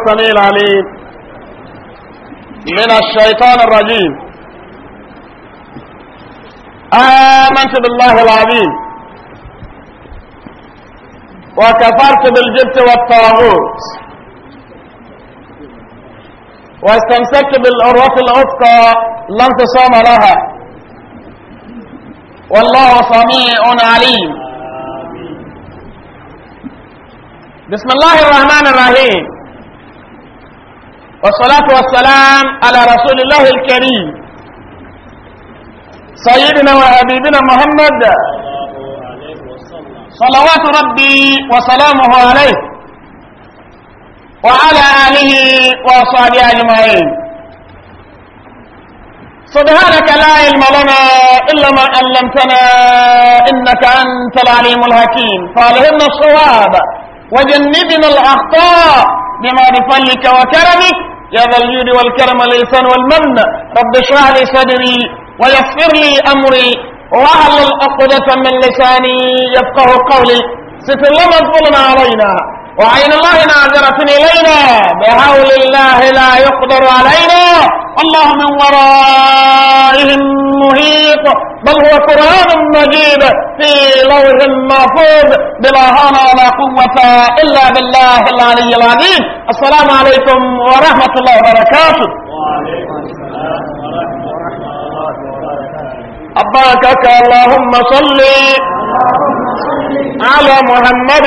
السميع العليم من الشيطان الرجيم آمنت بالله العظيم وكفرت بالجبت والطاغوت واستمسكت بالعروة الأفقى لا تصام لها والله سميع عليم بسم الله الرحمن الرحيم والصلاة والسلام على رسول الله الكريم سيدنا وحبيبنا محمد صلوات ربي وسلامه عليه وعلى آله وصحبه أجمعين سبحانك لا علم لنا إلا ما علمتنا إنك أنت العليم الحكيم فعلهمنا الصواب وجنبنا الأخطاء بما بفضلك وكرمك يا ذا الجود والكرم والإحسان والمن رب اشرح لي صدري ويسر لي أمري واحلل عقدة من لساني يفقه قولي ستر الله مفضول علينا وعين الله ناظرة إلينا بحول الله لا يقدر علينا الله من ورائهم محيط بل هو قرآن مجيد في لوح محفوظ بلا هان ولا قوة إلا بالله العلي العظيم السلام عليكم ورحمة الله وبركاته وعليكم السلام ورحمة الله وبركاته أباكك اللهم صل على محمد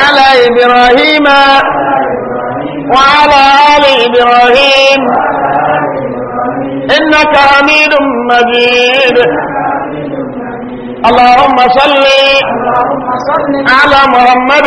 على إبراهيم وعلى آل إبراهيم إنك حميد مجيد اللهم صل على محمد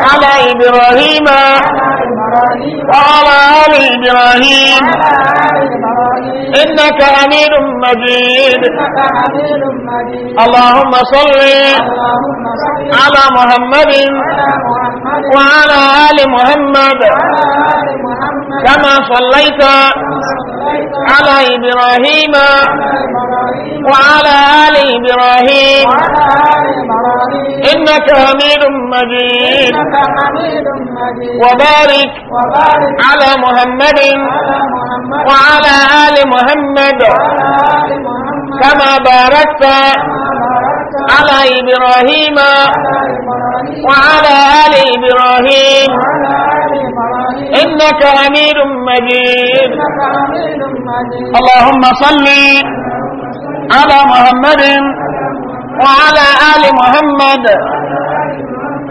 على إبراهيم وعلى آل إبراهيم إنك أمين مجيد اللهم صل على محمد وعلى آل محمد كما صليت على إبراهيم وعلى آل إبراهيم إنك أمين مجيد إنك حميد مجيد وبارك, وبارك على محمد, وعلى آل محمد, وعلى آل محمد كما باركت على إبراهيم وعلى آل إبراهيم إنك أمير مجيد اللهم صل على محمد وعلى آل محمد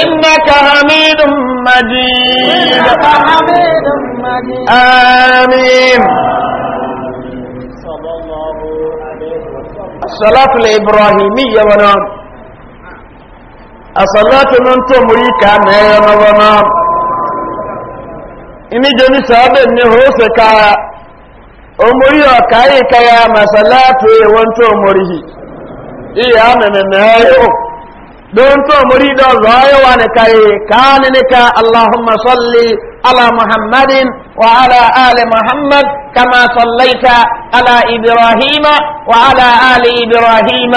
إنك حميد مجيد إنك حميد مجيد آمين الصلاة الإبراهيمية ونام الصلاة من مريكا نيانا ونام إني جميع سابق نهوسك omori ọka yi kaya masalatu ewo ntọ omori hi iya دون تو مريد الرأي ونكاي كان لك اللهم صل على محمد وعلى آل محمد كما صليت على إبراهيم وعلى آل إبراهيم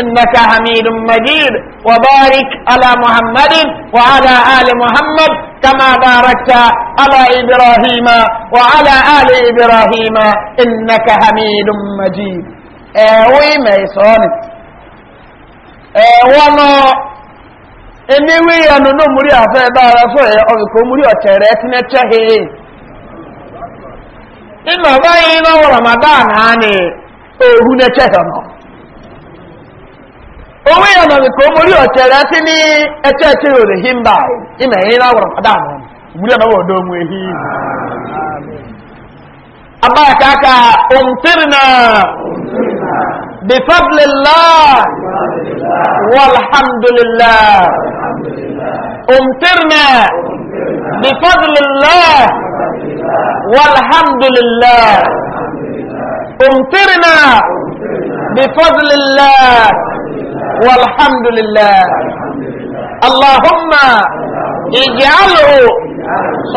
إنك حميد مجيد وبارك على محمد وعلى آل محمد كما باركت على إبراهيم وعلى آل إبراهيم إنك حميد مجيد أوي ميسونت ẹ̀wọ́n náà eníwí ẹnu ní múrí àfẹ́ dára fún ẹ̀ ọ̀rùkọ́ múrí ọ̀tẹ̀ rẹ̀ tí ní inú ọ̀bá yìí ramadan ha ni ní tẹ́hì ọ̀nà owó ẹ̀nà ọ̀rùkọ́ múrí ọ̀tẹ̀ rẹ̀ tí ní ẹ̀tẹ́ tí ó lè بفضل الله والحمد لله امطرنا بفضل الله والحمد لله امطرنا بفضل الله والحمد لله اللهم اجعله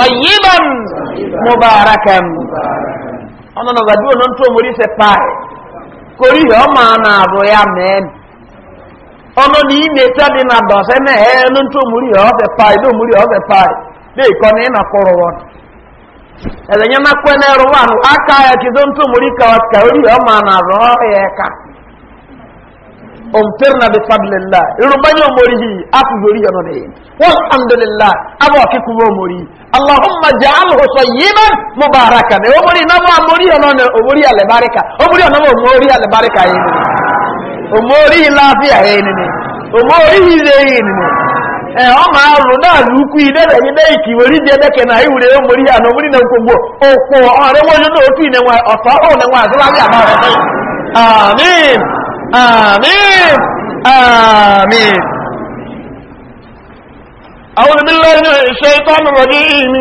طيبا مباركا انا نغدو ننتو مريسه فاي kori ihe ọ ma na azụ ya na ọnụ na ime dị na dọsị na ihe elu ntụ omuri ihe ọfị pai na omuri na ikọ na wọn ẹlẹnyẹ na na aka ya kizo ntụ ka ọ ka ori ọ ma na abụ ọ ya omtirna na fadlillah irubani omori hi aku yori yono ne walhamdulillah abo ke ku omori allahumma ja'alhu tayyiban mubarakan e omori na mo omori yono omori ale barika omori na omori ale barika omori lafiya yi ne ne omori e o ma ru da ru ku ide na hi omori na آمين آمين أعوذ بالله من الشيطان الرجيم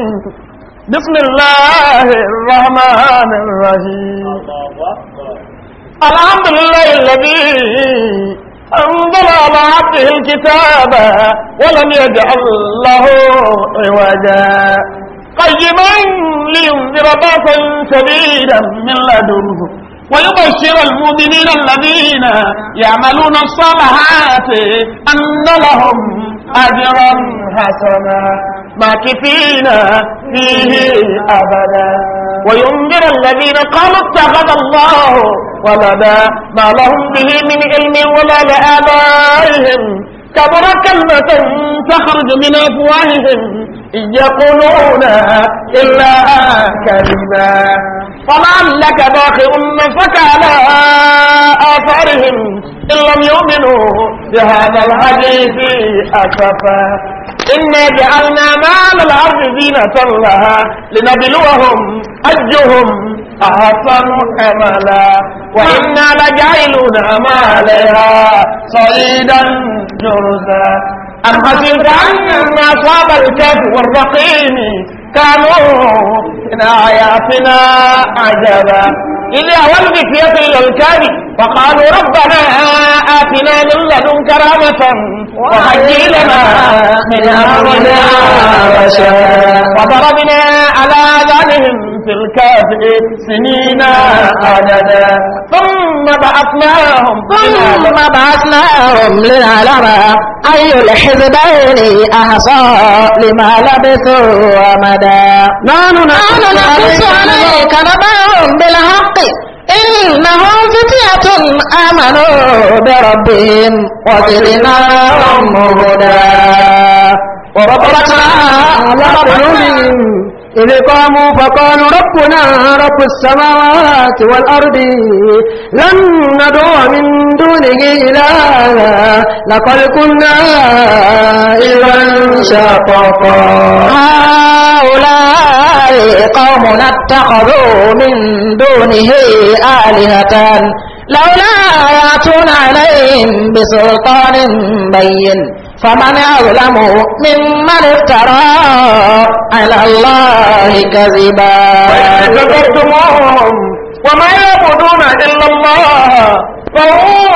بسم الله الرحمن الرحيم الحمد لله الذي أنزل على عبده الكتاب ولم يجعل له عوجا قيما لينذر بأسا شديدا من لدنه ويبشر المؤمنين الذين يعملون الصالحات أن لهم أجرا حسنا ماكثين فيه أبدا وينذر الذين قالوا اتخذ الله ولدا ما لهم به من علم ولا لآبائهم كبر كلمة تخرج من أفواههم إن يقولون إلا كلمة فلعلك باخع نفسك على آثارهم إن لم يؤمنوا بهذا الحديث أسفا إنا جعلنا ما على الأرض زينة لها لنبلوهم أجهم أحسن عملا وإنا لجعلنا ما عليها صعيدا جرزا أم حسبت أن ما أصاب الكهف والرقيم كانوا من آياتنا عجبا إذا ولدت يطل الكاذب وقالوا ربنا آتنا من لدنك رحمة وهيئ لنا من أمرنا رشدا وضربنا على آذانهم في الكهف سنين عددا ثم بعثناهم ثم بعثناهم لنعلم أي الحزبين أحصى لما لبثوا أمدا هدى نحن نقص عليك نبأهم بالحق إنهم فتية آمنوا بربهم وزدناهم هدى وربنا على قلوبهم إذ قاموا فقالوا ربنا رب السماوات والأرض لن ندعو من دونه إلها لقد كنا إذا شققا هؤلاء قومنا اتخذوا من دونه آلهة لولا يأتون عليهم بسلطان بين فمن أظلم ممن افترى على الله كذبا وما يعبدون إلا الله فهو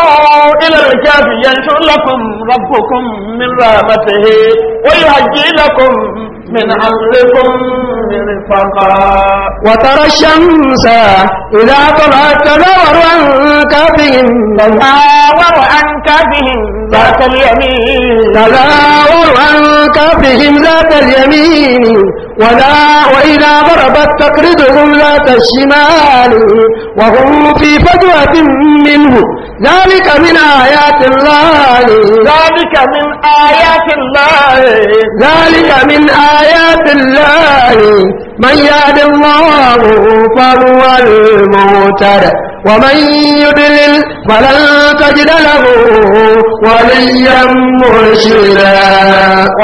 إلى الكهف ينشر لكم ربكم من رحمته ويهجي لكم من أمركم وترى الشمس إذا طلعت تدور عن كفهم تداور عن كفهم ذات اليمين تداور عن كفهم ذات اليمين ولا وإذا ضربت تقرضهم ذات الشمال وهم في فجوة منه ذلك من آيات الله ذلك من آيات الله ذلك من آيات الله من يهد الله فهو المهتد ومن يضلل فلن تجد له وليا مرشدا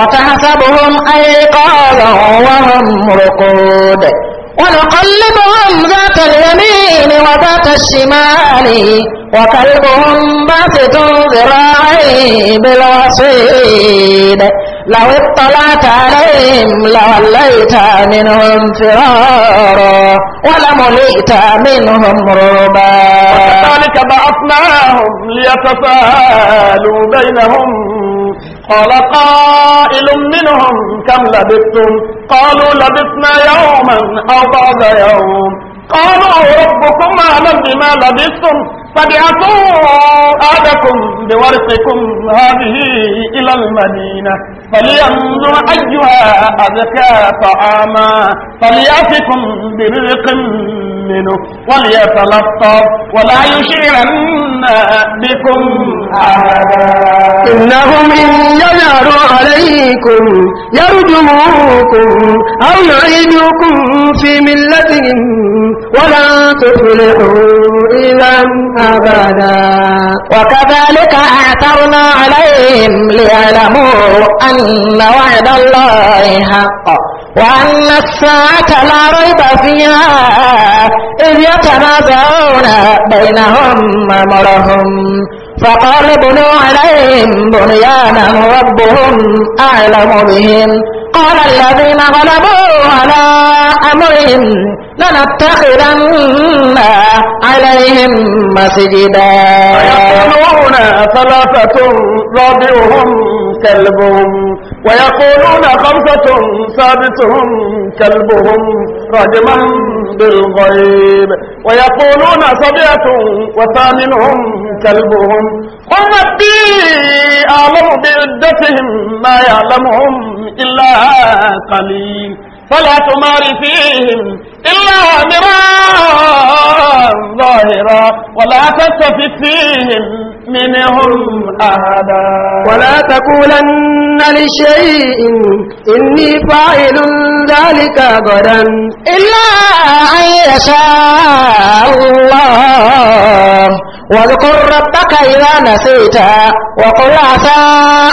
وتحسبهم ايقاظا وهم رقود ونقلبهم ذات اليمين وذات الشمال وكلبهم باسط ذراعي بالوصيد لو اطلعت عليهم لوليت منهم فرارا ولملئت منهم ربا وكذلك بعثناهم ليتساءلوا بينهم قال قائل منهم كم لبثتم قالوا لبثنا يوما او بعض يوم قالوا ربكم أعلم بما لبثتم فبعثوا أحدكم بورقكم هذه إلى المدينة فلينظر أيها أزكى طعاما فليأتكم برزق يؤمنوا وليتلطف ولا يشعرن بكم أحدا إنهم إن يجعلوا عليكم يرجموكم أو يعيدوكم في ملتهم ولا تفلحوا إذا أبدا وكذلك أعثرنا عليهم ليعلموا أن وعد الله حق وأن الساعة لا ريب فيها إذ يتنازعون بينهم أمرهم فقال بنوا عليهم بنيانا ربهم أعلم بهم قال الذين غلبوا على أمرهم لنتخذن عليهم مسجدا ويقولون ثلاثة رابعهم كلبهم ويقولون خمسة ثابتهم كلبهم رجما بالغيب ويقولون سبعة وثامنهم كلبهم قل ربي أعلم بعدتهم ما يعلمهم إلا قليل فلا تمار فيهم إلا مرا ظاهرا ولا تستفد فيهم منهم أحدا ولا تقولن لشيء إني فاعل ذلك غدا إلا أن يشاء الله واذكر ربك إذا نسيت وقل عسى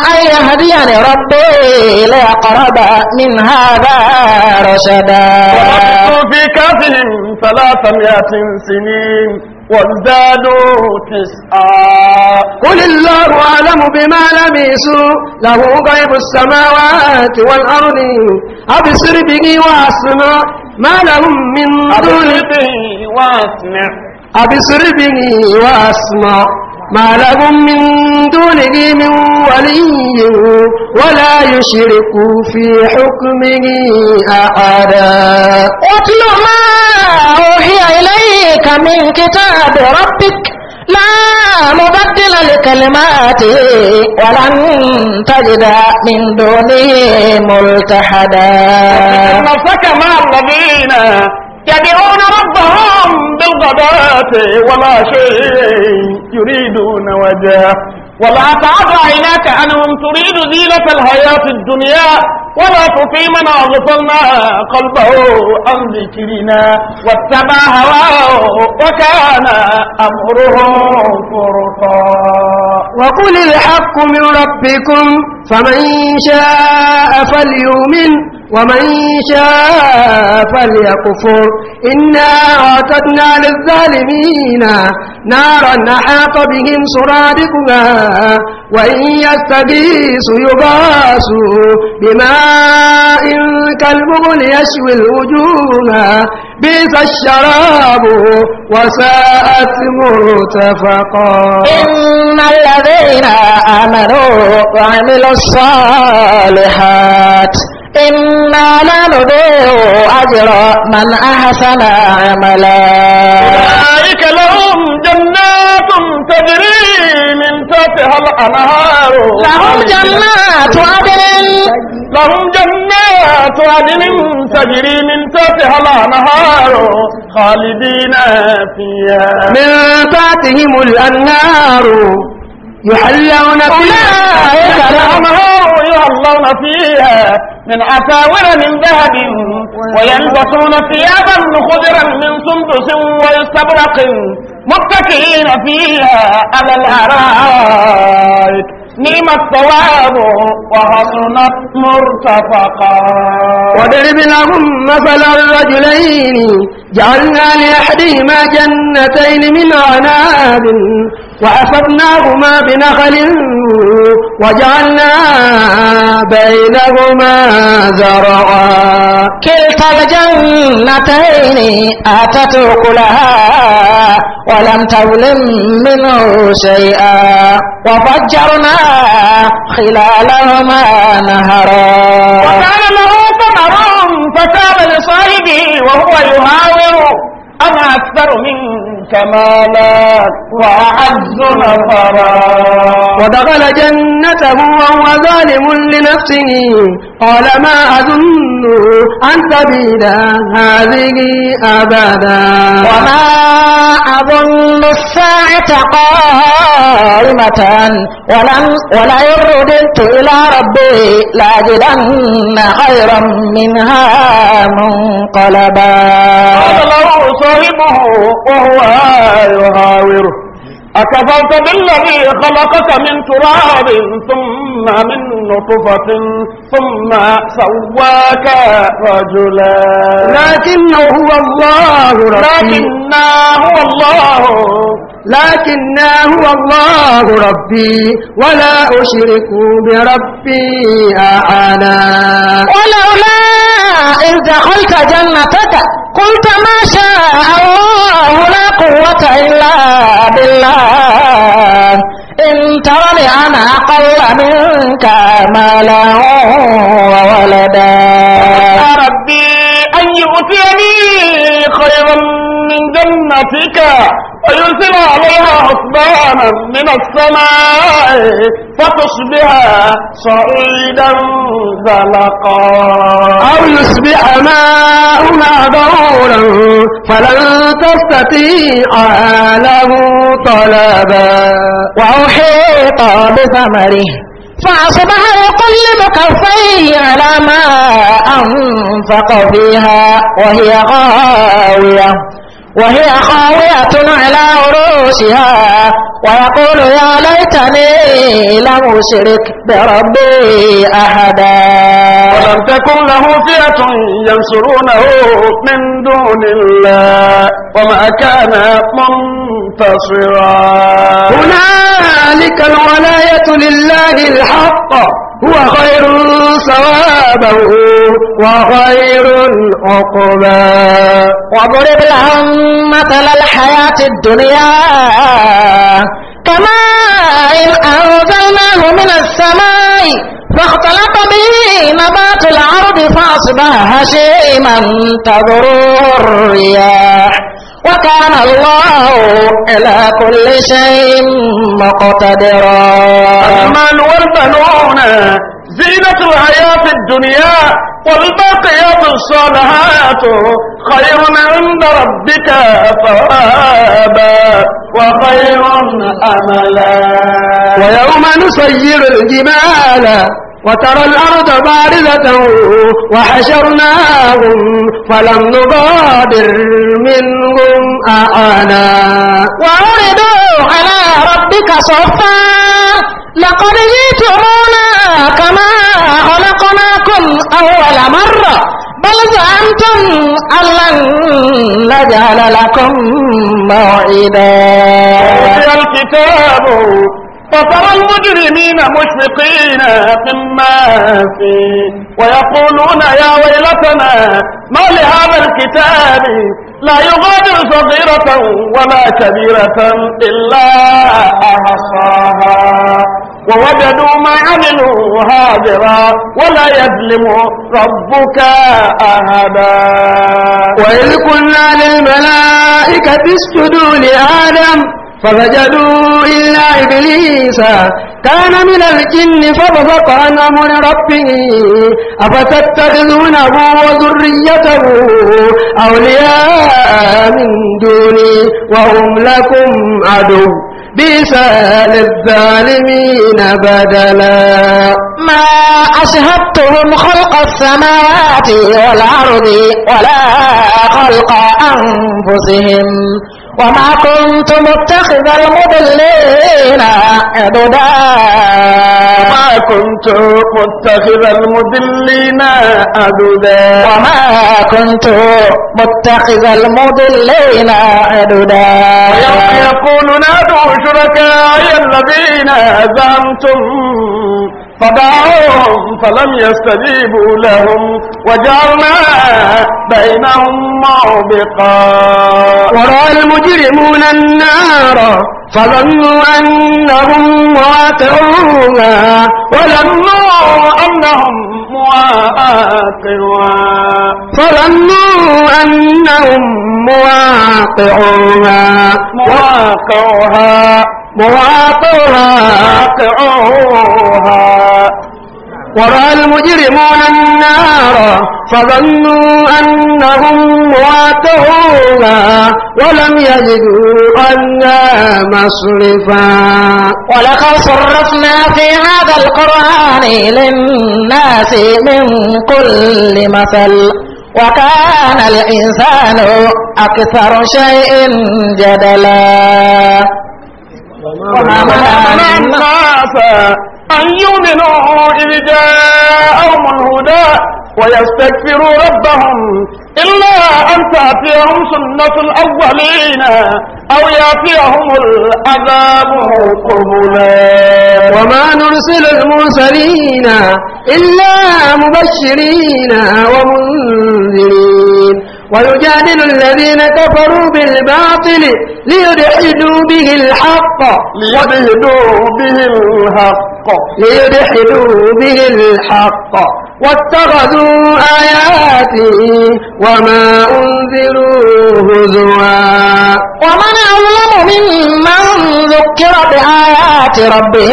أن يهديني ربي لأقرب من هذا رشدا ولبثوا في كافر ثلاثمائة سنين وازدادوا تسعا قل الله أعلم بما لبسوا له غيب السماوات والأرض أبصر به وأسمع ما لهم من دون وأسمع أبصر به وأسمع ما لهم من دونه من ولي ولا يشرك في حكمه أحدا اتل ما أوحي إليه يأتيك من كتاب ربك لا مبدل لكلماته ولن تجد من دونه ملتحدا نفسك مع الذين يدعون ربهم بالغداة ولا شيء يريدون وجهه ولا تعد عيناك عنهم تريد زينة الحياة الدنيا ولا تطي من أغفلنا قلبه عن ذكرنا واتبع هواه وكان أمره فرطا وقل الحق من ربكم فمن شاء فليؤمن ومن شاء فليكفر إنا أعتدنا للظالمين نارا أحاط بهم سرادقها وإن يستغيثوا يغاثوا بماء كالمغل يشوي الوجوه بئس الشراب وساءت مرتفقا إن الذين آمنوا وعملوا الصالحات إنا لا أجر من أحسن عملا أولئك لهم جنات تجري من تحتها الأنهار لهم جنات عدن لهم جنات عدن تجري من تحتها الأنهار خالدين فيها من تحتهم الأنهار يحلون فيها أولئك لهم يحلون فيها من أساور من ذهب ويلبسون ثيابا خضرا من سندس ويستبرق متكئين فيها على الأرائك نعم الثواب وحسنت مرتفقا وضرب لهم مثل الرجلين جعلنا لأحدهما جنتين من عناب وحفظناهما بنخل وجعلنا بينهما زرعا كلتا الجنتين آتت أكلها ولم تظلم منه شيئا وفجرنا خلالهما نهرا وكان له ثمر فتاب لصاحبه وهو يهاور أما أكثر من الكمالات وأعز الأفراد ودخل جنته وهو ظالم لنفسه قال ما أظن أن تبيد هذه أبدا وما أظن الساعة قائمة ولن ولئن رددت إلى ربي لأجدن خيرا منها منقلبا قال له صاحبه وهو يهاوره أكفرت بالذي خلقك من تراب ثم من نطفة ثم سواك رجلا لكن هو الله ربي لكن هو الله لكن هو الله ربي ولا أشرك بربي أحدا ولولا إذ دخلت جنتك قلت ما شاء الله قوة إلا بالله إن ترني أنا أقل منك مالا وولدا يا ربي أن يؤتيني خيرا جنتك ويرسل عليها حسبانا من السماء فتصبح صعيدا زلقا أو يصبح ماؤنا دورا فلن تستطيع له طلبا وأحيط بثمره فأصبح يقلب كفيه على ما أنفق فيها وهي غاوية وهي خاوية على عروشها ويقول يا ليتني لم أشرك بربي أحدا ولم تكن له فئة ينصرونه من دون الله وما كان منتصرا هنالك الولاية لله الحق هو خير ثوابا وخير عقبا واضرب لهم مثل الحياة الدنيا كما إن أنزلناه من السماء فاختلط به نبات الأرض فأصبح هشيما تضر الرياح وكان الله إلى كل شيء مقتدرا المال والبنون زينة الحياة الدنيا والباقيات الصالحات خير عند ربك ثوابا وخير أملا ويوم نسير الجبال وترى الأرض باردة وحشرناهم فلم نغادر منهم أعانا وعرضوا على ربك صفا لقد جئتمونا كما خلقناكم أول مرة بل زعمتم أن لن نجعل لكم موعدا الكتاب فترى المجرمين مشفقين مما فيه ويقولون يا ويلتنا ما لهذا الكتاب لا يغادر صغيرة ولا كبيرة إلا أحصاها ووجدوا ما عملوا هاجرا ولا يظلم ربك أحدا وإذ قلنا للملائكة اسجدوا لآدم فسجدوا إلا إبليس كان من الجن ففسق عن أمر ربه أفتتخذونه وذريته أولياء من دوني وهم لكم عدو بئس للظالمين بدلا ما أشهدتهم خلق السماوات والأرض ولا خلق أنفسهم وما كنت متخذ المضلين عددا وما كنت متخذ المضلين عددا وما كنت متخذ المضلين عددا ويوم يقول نادوا شركائي الذين زعمتم فدعوهم فلم يستجيبوا لهم وجعلنا بينهم موبقا ورأى المجرمون النار فظنوا أنهم واقعوها وظنوا أنهم مواقعوها فظنوا أنهم مواقعوها مواقعها مواقعها ورأى المجرمون النار فظنوا أنهم مواقعوها ولم يجدوا أنا مصرفا ولقد صرفنا في هذا القرآن للناس من كل مثل وكان الإنسان أكثر شيء جدلا وما الناس أن يؤمنوا إذ جاءهم الهدى ويستكفروا ربهم إلا أن تأتيهم سنة الأولين أو يأتيهم العذاب قبلا وما نرسل المرسلين إلا مبشرين ومنذرين ويجادل الذين كفروا بالباطل ليدحدوا به الحق ليدحدوا به الحق ليدحلوا به الحق واتخذوا آياتي وما أنذروا هزوا ومن أظلم ممن ذكر بآيات ربه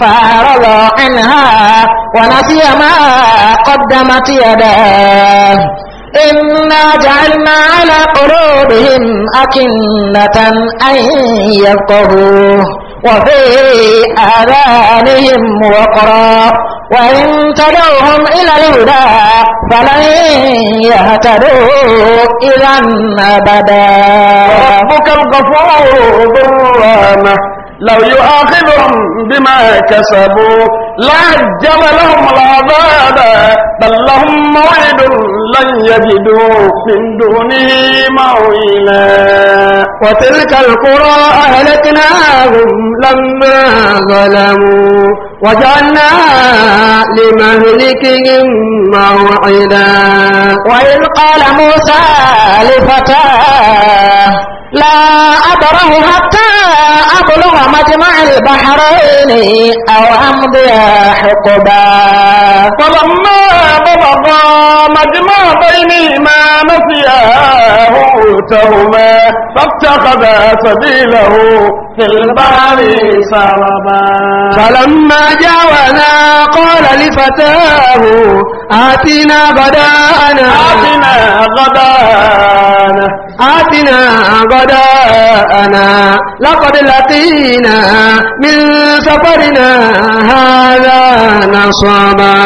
فأعرض عنها ونسي ما قدمت يداه إنا جعلنا على قلوبهم أكنة أن يفقهوه وفي آذانهم وقرا وإن تدعوهم إلى الهدى فلن يهتدوا إذا أبدا ربك الغفور ذو الرحمة لو يؤاخذهم بما كسبوا لعجل لهم العذاب بل لهم موعد لن يجدوا من دونه موئلا وتلك القرى أهلكناهم لما ظلموا وجعلنا لمهلكهم موعدا وإذ قال موسى لفتاه لا أبره حتى أبلغ مجمع البحرين أو أمضي حقبا فلما بلغا مجمع بين بينهما نسيا حوتهما فاتخذ سبيله فلما جاونا قال لفتاه آتنا غداءنا آتنا غداءنا آتنا غداءنا لقد لقينا من سفرنا هذا نصبا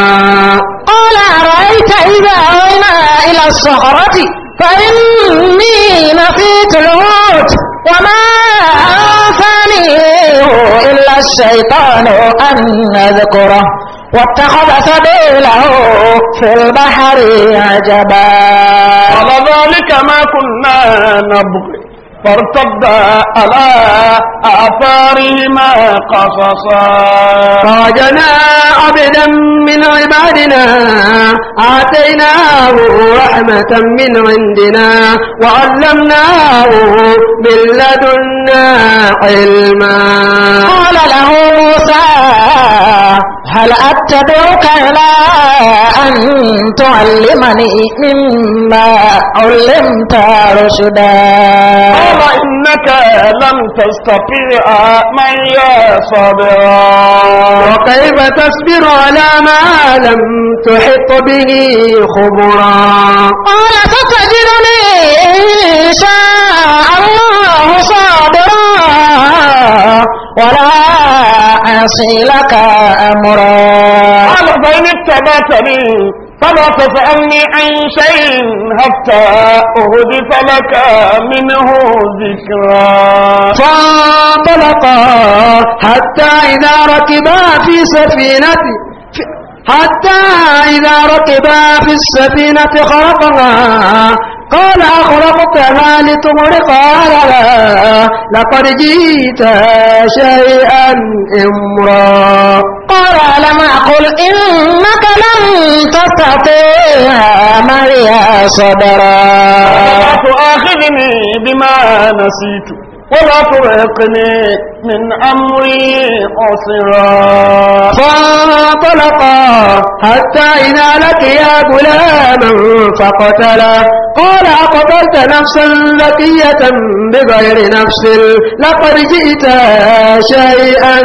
قال أرأيت إذا أوينا إلى الصخرة فإني نفيت الموت وما ينزغه إلا الشيطان أن نذكره واتخذ سبيله في البحر عجبا قال ذلك ما كنا نبغي فارتد على آثارهما قصصا فوجنا عبدا من عبادنا آتيناه رحمة من عندنا وعلمناه من لدنا علما قال له هل أتبعك إلى أن تعلمني مما علمت رشدا قال إنك لم تستطيع من يا صبرا وكيف تصبر على ما لم تحط به خبرا قال ستجدني إن شاء الله صابرا ولا يصلك أمرا قال فإن اتبعتني فلا تسألني عن شيء حتى أهدف لك منه ذكرا فانطلقا حتى إذا ركبا في سفينة حتى إذا ركبا في السفينة خرقها قال ما لتغرق أهلها لقد جئت شيئا إمرا قال ألم أقل إنك لن تستطيع معي صبرا لا تؤاخذني بما نسيت ولا ترهقني من أمري عسرا فانطلقا حتى إذا لقيا غلاما فقتلا قال أقتلت نفسا ذكية بغير نفس لقد جئت شيئا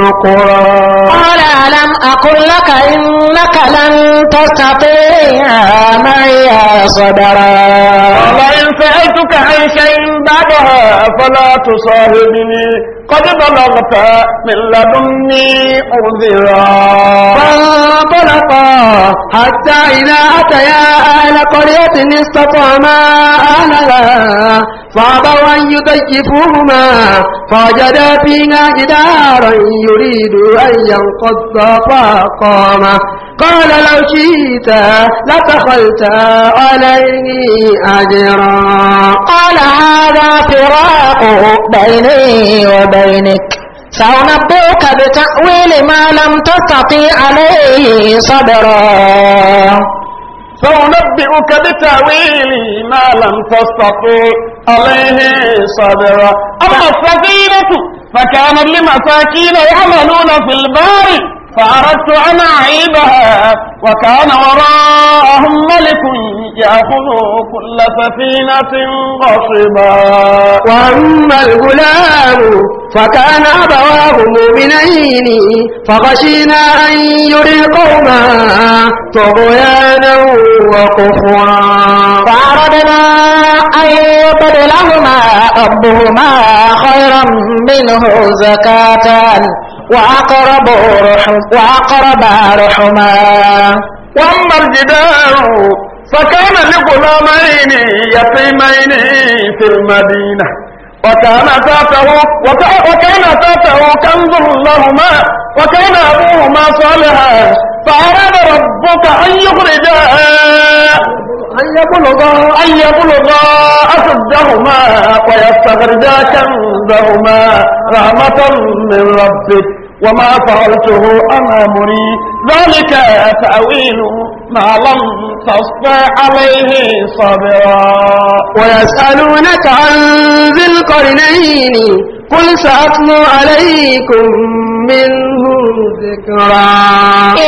نقرا قال ألم أقل لك إنك لن تستطيع معي صبرا فلا تصاحبني قد بلغت من لدني عذرا فانطلقا حتى إذا أتيا أهل قرية استطعما أهلها فأبوا أن يضيفوهما فوجدا فينا جدارا يريد أن ينقض فأقامه قال لو شئت لدخلت عليه أجرا قال هذا فراق بيني وبينك سأنبئك بتأويل ما لم تستطيع عليه صبرا سأنبئك بتأويل ما لم تستطع عليه صبرا أما السفينة فكانت لمساكين يعملون في البار فأردت أن أعيبها وكان وراءهم ملك يأخذ كل سفينة غصبا وأما الغلام فكان أبواه مؤمنين فغشينا أن يريقهما طغيانا وكفرا فأردنا أن يبدلهما ربهما خيرا منه زكاة وأقرب رحم وأقرب رحما وأما الجدار فكان لغلامين يتيمين في المدينة وكان تاته وكان تاته كنز لهما وكان أبوهما صالحا فأراد ربك أن يخرجا أن يبلغا أن يبلغا أشدهما ويستخرجا كنزهما رحمة من ربك وما فعلته أنا مري ذلك تأويل ما لم تسطع عليه صبرا ويسألونك عن ذي القرنين قل سأتلو عليكم منه ذكرا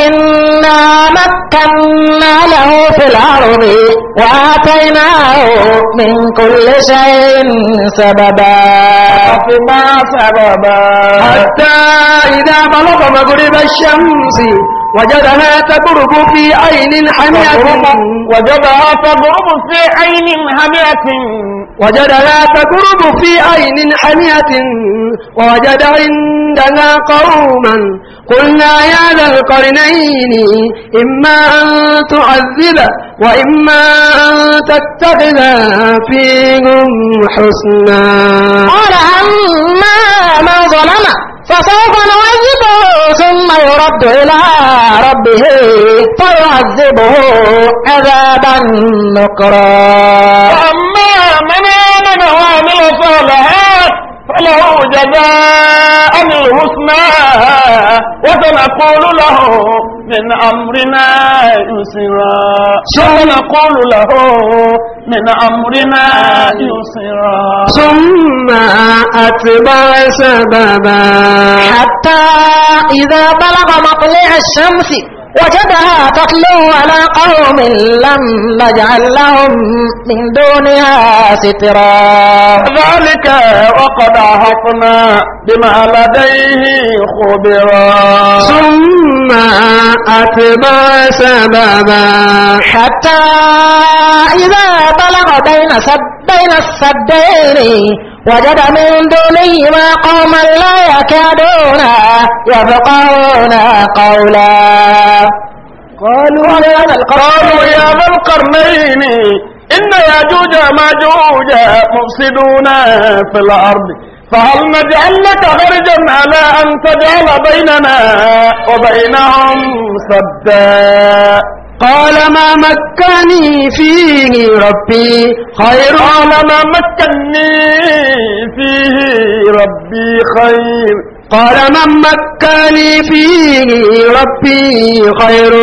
إنا مكنا له في الأرض وآتيناه من كل شيء سببا فما سببا حتى إذا بلغ مغرب الشمس وجدها تضرب في عين حمية وجدها تضرب في عين حمية وجدها تضرب في عين حمية ووجد عندنا قوما قلنا يا ذا القرنين إما أن تعذب وإما أن تتخذ فيهم حسنا قال أما من ظلم فسوف نعذبه ثم يرد إلى ربه فيعذبه عذابا نكرا أما من آمن وعمل صالحا له جزاء الحسنى وسنقول له من أمرنا يسرا سنقول له من أمرنا يسرا ثم أتبع سببا حتى إذا بلغ مطلع الشمس وجدها تتلو على قوم لم نجعل لهم من دونها سترا ذلك وقد عهقنا بما لديه خبرا ثم أتبع سببا حتى إذا بلغ بين سد بين السدين وجد من دونهما قوما لا يكادون يفقهون قولا قالوا يا ذا القرنين إن ياجوج ماجوج مفسدون في الأرض فهل نجعل لك خرجا على أن تجعل بيننا وبينهم سدا قال ما مكني فيه ربي خير قال ما مكني فيه ربي خير قال من مكني فيه ربي خير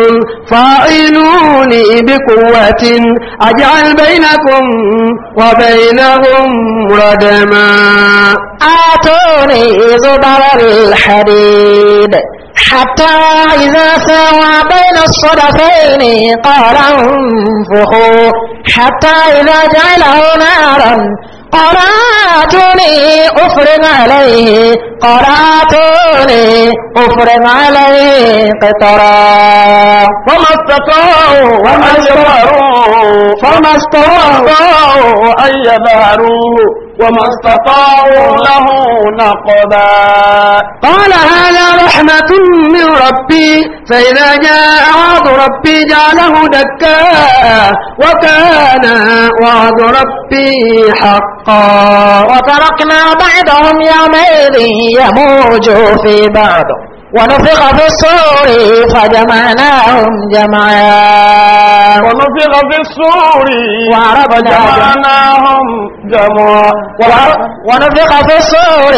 فاعلوني بقوة أجعل بينكم وبينهم ردما آتوني زبر الحديد حتى إذا ساوى بين الصدفين قال انفخوا حتى إذا جعله نارا قال آتوني أفرغ عليه قال آتوني أفرغ عليه قطرا وما استطاعوا وما فما استطاعوا أن يظهروه وما استطاعوا له نقبا قال هذا رحمة من ربي فإذا جاء وعد ربي جعله دكا وكان وعد ربي حقا وتركنا بعضهم يومئذ يموج في بعض ونفخ في الصور فجمعناهم جمعا ونفخ في الصور فجمعناهم جمعا ونفخ في الصور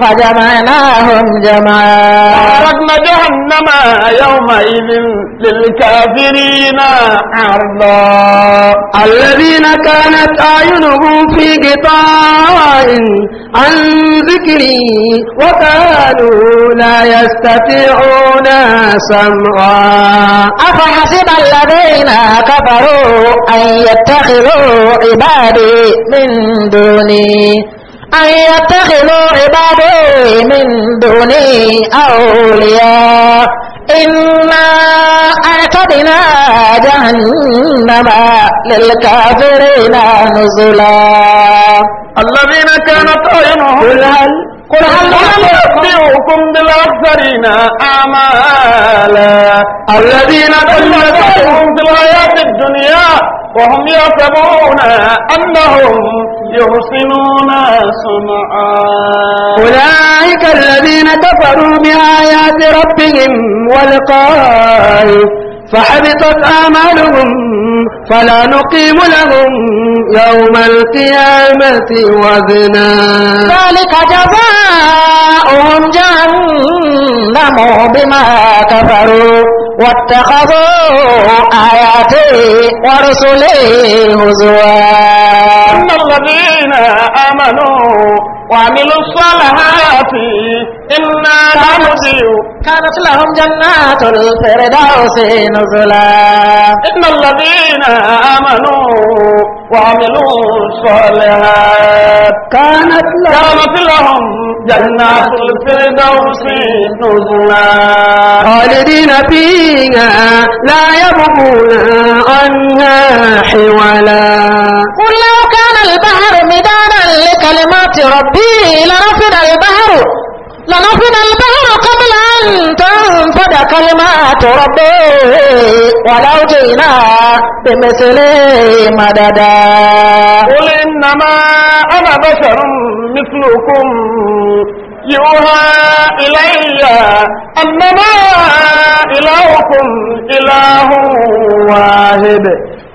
فجمعناهم جمعا وعرضنا جهنم يومئذ للكافرين عرضا الذين كانت أعينهم في قطاع عن ذكري وكانوا لا يستطيعون يستطيعون سمعا أفحسب الذين كفروا أن يتخذوا عبادي من دوني أن يتخذوا عبادي من دوني أولياء إنا أعتدنا جهنم للكافرين نزلا الذين كانت عينهم قل هل ننبئكم بالاخسرين اعمالا الذين ضل في الحياه الدنيا وهم يحسبون انهم يحسنون صنعا اولئك الذين كفروا بايات ربهم ولقائه فحبطت آمالهم فلا نقيم لهم يوم القيامة وزنا ذلك جزاؤهم جهنم بما كفروا واتخذوا آياتي ورسلي هزوا إن الذين آمنوا وعملوا الصالحات إنا لا كانت لهم جنات الفردوس نزلا إن الذين آمنوا وعملوا الصالحات كانت لهم كانت لهم جنات الفردوس نزلا خالدين فيها لا يبغون عنها حولا قل لو كان كلمات ربي لنفد البحر لنفد البحر قبل أن تنفد كلمات ربي ولو جئنا بمثل مددا قل إنما أنا بشر مثلكم يوحى إلي أنما إلهكم إله واحد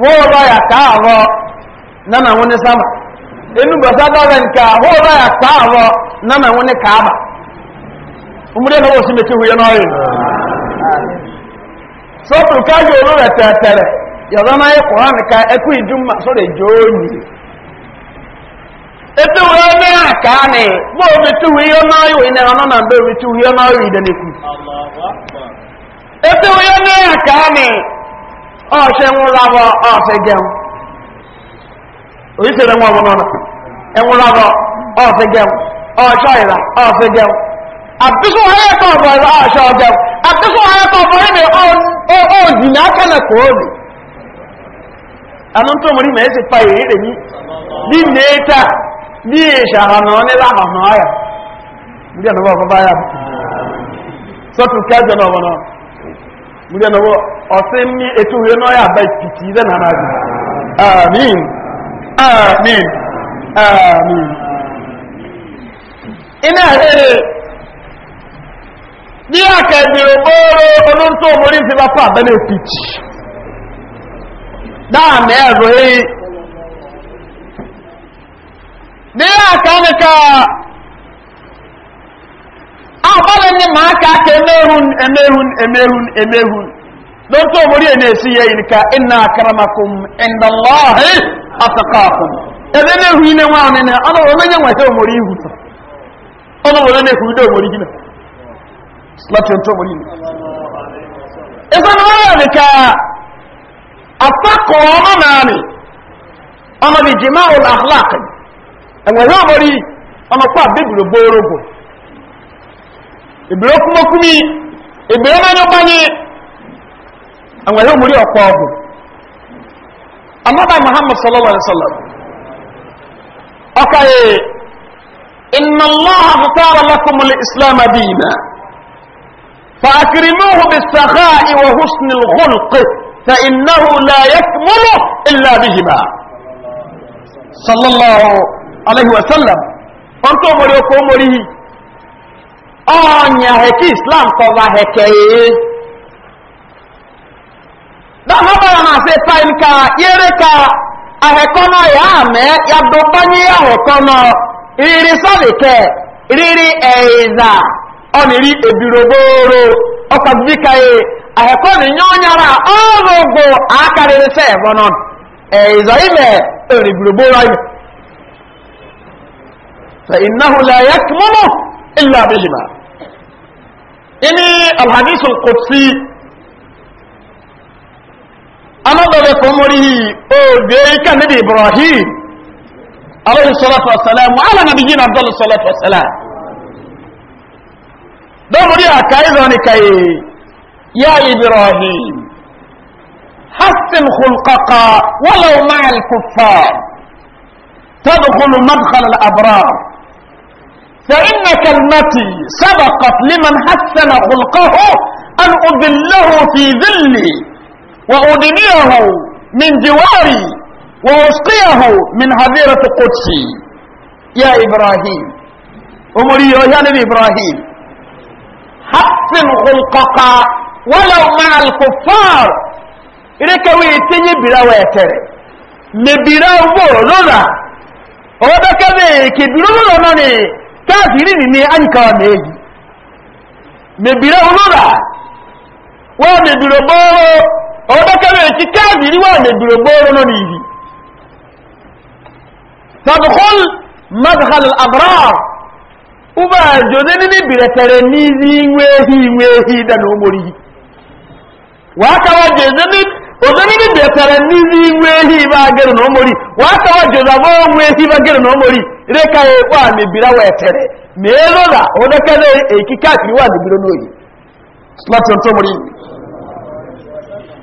hóòrò yà káàrọ̀ ka wọn ní na inú gbọ̀sá dọ́rẹ̀ nkà hóòrò yà káàrọ̀ nánà ya ní káàbà ọmọdé náà wọ́n sí mẹ́tí wúyẹ náà yìí sọ́pù káyọ̀ olú rẹ̀ tẹ̀tẹ̀rẹ̀ yọ̀dọ́ náà yẹ kọ̀ọ̀rọ̀ nìka ẹkú ìdúmà sọ́rọ̀ èjò òyì ètò wúyẹ náà aka ọ̀ṣẹ́ ńwúlábọ̀ ọ̀ṣẹ́ jẹun òyíṣẹ́lẹ̀ wọn ọmọ náà ẹ̀wúlábọ̀ ọ̀ṣẹ́ jẹun ọ̀ṣọ́ ìlà ọ̀ṣẹ́ jẹun àbísùn ayẹ́tọ̀ ọ̀bọ̀ ìlà ọ̀ṣọ́ jẹun àbísùn ayẹ́tọ̀ mọ̀rí pa rẹ̀ ní àhànà ọ̀sìn ní ètò ìwé náà yà bá ìpìtì ilẹ̀ náà máa jù àmín àmín àmín iná ẹ̀rẹ́ bí àkẹ́bì òbóró olóńtó omori ń fi bá pa àbẹ́lẹ̀ ìpìtì dáa mẹ́ẹ̀rọ don to mori na si yayi ka ị na akara maka atqakum ede ne hu ne wa ne ana na ọ na he mori hu ihu taa. Ọ na hu do mori gina gị na. mori ne esa no na ni ana bi jima'u al akhlaq na àwọn yóò múrí ọ̀pọ̀ ọ̀gùn anọ́bà muhammad sallallahu alaihi sallam ọkàyè iná lọ́ha fútàrà lọ́kùnmùlẹ̀ islam adìyìnà fàákìrìmọ́hù bí sàkà ìwà húsnil hulqi fa la yakmulu illa bíhìmá sallallahu alaihi wasallam wọ́n tó mọ̀rí ọkọ̀ mọ̀rí ọ̀nyà hẹ̀kí islam kọ̀ọ̀bà hẹ̀kẹ̀ẹ́ dáhàbà wọn náà ṣe fa nǹka yẹrẹ ka ahẹ́kọ́ náà yà á mẹ́ yàtọ̀ fáyé ahẹ́kọ́ náà rírí sọ́ọ̀lìkẹ́ rírí ẹ̀ẹ́dà ọ̀nìrí èbìrògbòòrò ọkọ̀ bíkàyè ahẹ́kọ́ ní yọ̀nyára ọ̀rọ̀gbò àákàrẹ́rẹ́ sẹ́ ẹ̀bọ̀n náà ẹ̀ẹ́dà ilẹ̀ èbìrògbòòrò ayọ̀ fẹ̀yìnnáhùlẹ̀ ayẹ́kùmọ́mọ́ ini alhadisul kutsi أنا بعد قوله أو ذلك نبي إبراهيم عليه الصلاة والسلام وعلى نبينا عبد الله الصلاة والسلام دوم ريا كايزوني كاي يا إبراهيم حسن خلقك ولو مع الكفار تدخل مدخل الأبرار فإن كلمتي سبقت لمن حسن خلقه أن أذله في ذلي وأدنيه من جواري وأسقيه من حذيرة قدسي يا إبراهيم أمري يا نبي إبراهيم حسن خلقك ولو مع الكفار إليك ويتني بلا ويتري نبلا وبرنا هذا كذا كبيرون لنا كافرين ني أنك ونهي نبلا وبرنا ونبلا وبرنا ọdọ́kẹ́rẹ́ e ti káàkiri wà ní gbìrògbòrò náà nìyí tàbùkún madhal abrar uba jose nínú ìbìrẹ̀tẹ̀rẹ̀ ní ìwé ehi ìwé ehi dánà omori wà káwà jose nínú ìbìrẹ̀tẹ̀rẹ̀ ní na omori ní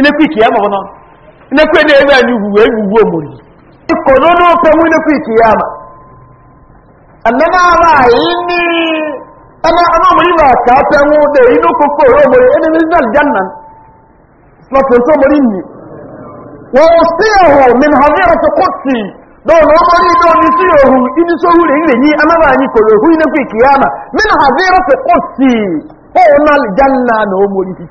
inekwu ike ya ma ọbụna na-ebe anyị ugwu wee ugwu omori ikọ n'ọnụ ọkọ mụ inekwu ike ya ma anyị ni ana ana omori ma ka apịa nwụ dị inú koko omori enemi ndị aljanna lọtụ ntụ omori nni wọ́n sí ẹ̀họ̀ min hazira ti kọ́tì dọ́ọ̀nà ọmọdé sí rẹ̀ náà na ó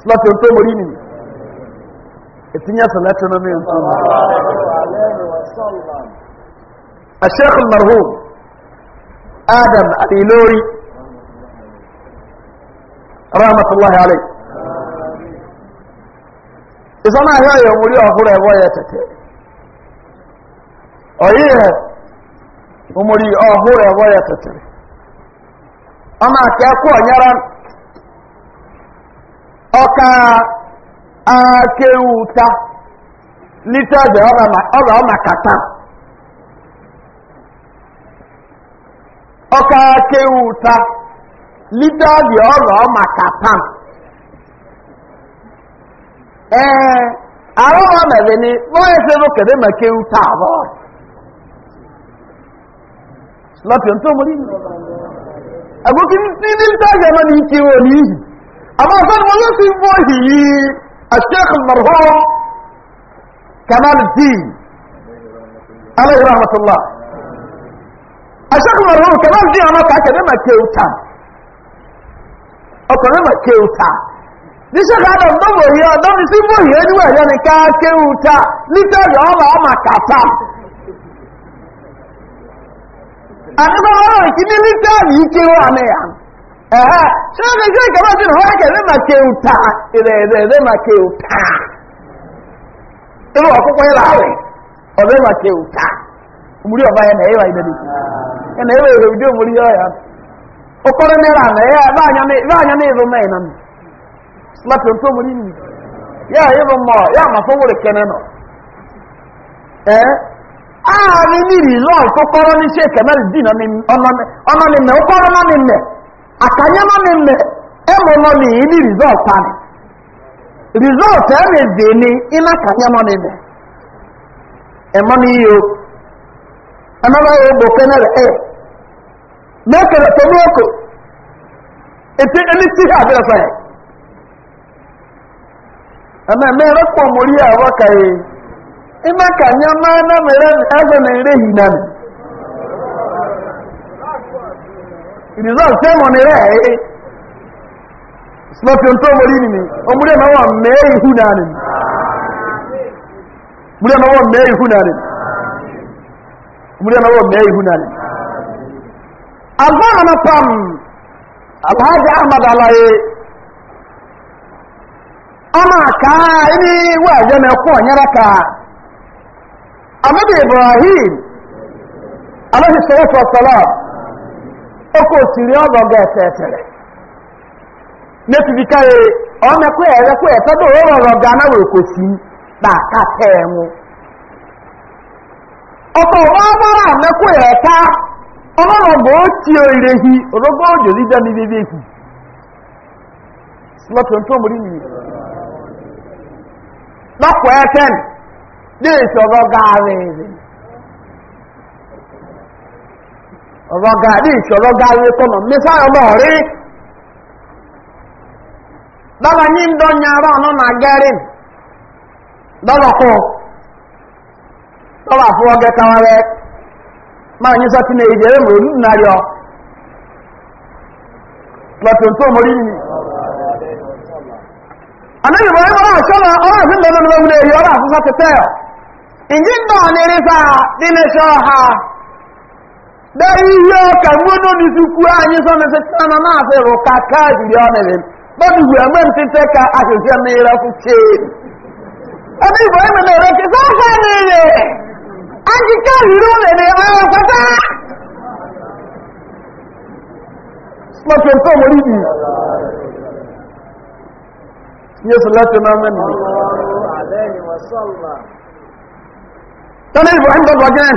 sílátì ohun tó mọ̀ rí ni ìtìyà sọ̀látì ọmọ الشيخ المرهوم آدم الإلوري رحمة الله عليه إذا ما هي يوم لي أقول أبويا تتي أيه أمري أقول أبويا تتري أما كأكو أنيران ọka akewuta litede ọra ọmakata ọka akewuta litede ọra ọmakata ee ọ mere ni n'onye sịrị kede ma kewuta abụọ lọpịọ ntụ omori agụkiri ndị ntọ ga-eme na ike n'ihi أما أصلا ويسي فيه الشيخ المرحوم كمال الدين عليه رحمة الله الشيخ المرحوم كمال الدين أما كأكد ما كيوتا أكد ما كيوتا ní ṣẹ́ka àdọ̀gbọ̀gbọ̀ yìí ọ̀dọ́mi sí fún ìyẹn níwẹ̀ yẹn ni ká kéwùta lítẹ̀lì ọmọ ọmọ kàtà àdúgbò ọ̀rọ̀ ìkíní lítẹ̀lì yìí kéwà ní yàn ẹ̀hẹ́ ṣé ẹ̀ṣẹ̀ ṣe ìkẹ́wà sí ìhọ́ ya ẹ̀rẹ́ máa ke òtà ìrẹ̀ ẹ̀rẹ́ ẹ̀rẹ́ máa ke òtà irú ọ̀kọ́kọ́ yẹn láàwẹ̀ ọ̀rẹ́ máa ke ya ọba ya nà ẹ̀wà ìdẹ́bi ẹ̀nà ẹ̀wà èrè òdì òmùrí ọ̀yà ya náírà nà ẹ̀yà ya ní ìlú mẹ́rin akanyama mmemme emume na ini result ani result eme zini ina akanyama mmemme emo na iyo anaba eh. ya ogbo kenere e mekere tobi oko eti eni ti ha bere fa ye ama eme ere kpọmori awa ka ye ime akanyama na mere eze na ere hinami result same on rẹ̀ ẹ̀ slọ́pì tó mọ̀rí nìmi ọmọdé ma wọ́n mẹ́ ihu náà nì ọmọdé ma wọ́n mẹ́ ihu náà nì ọmọdé ma wọ́n mẹ́ ihu náà nì alhaji ahmad alaye amadu ibrahim oke osiri ọgọ ga-ete etere n'etubika ye ọmekwe erekwe etedo orọrọ ga na wee kwesi na aka tee eta bụ rida ehi slọtọ ntọ mụrụ dọkwa dị ọgọ ga ọ̀rọ̀ gàdí ìṣọ̀rọ̀ gáyé kọ́nà mẹ́sàn-án lọ́wọ́ ń dọ́nyà ọ̀nà lọ́wọ́ kọ́ lọ́wọ́ àfọwọ́ máa sọ́tí ní mọ̀ ọ tó mọ̀ rí ni bọ̀ àṣọ́nà ọ̀rọ̀ lọ́wọ́ àfúnṣọ́ de ihe ọka mgbe n'izukwu anyị sọ na sịta na na-asị rụka ka jiri ọnịrị bọdụ ugwu eme ntịte ka ahịhịa na ire ọkụ ebe igbo eme na ere kịta ọka n'ire ajịka riri ụlere ọrụ kwata smoke nke omori bi na Tọ́lá ìbò ẹ̀ ń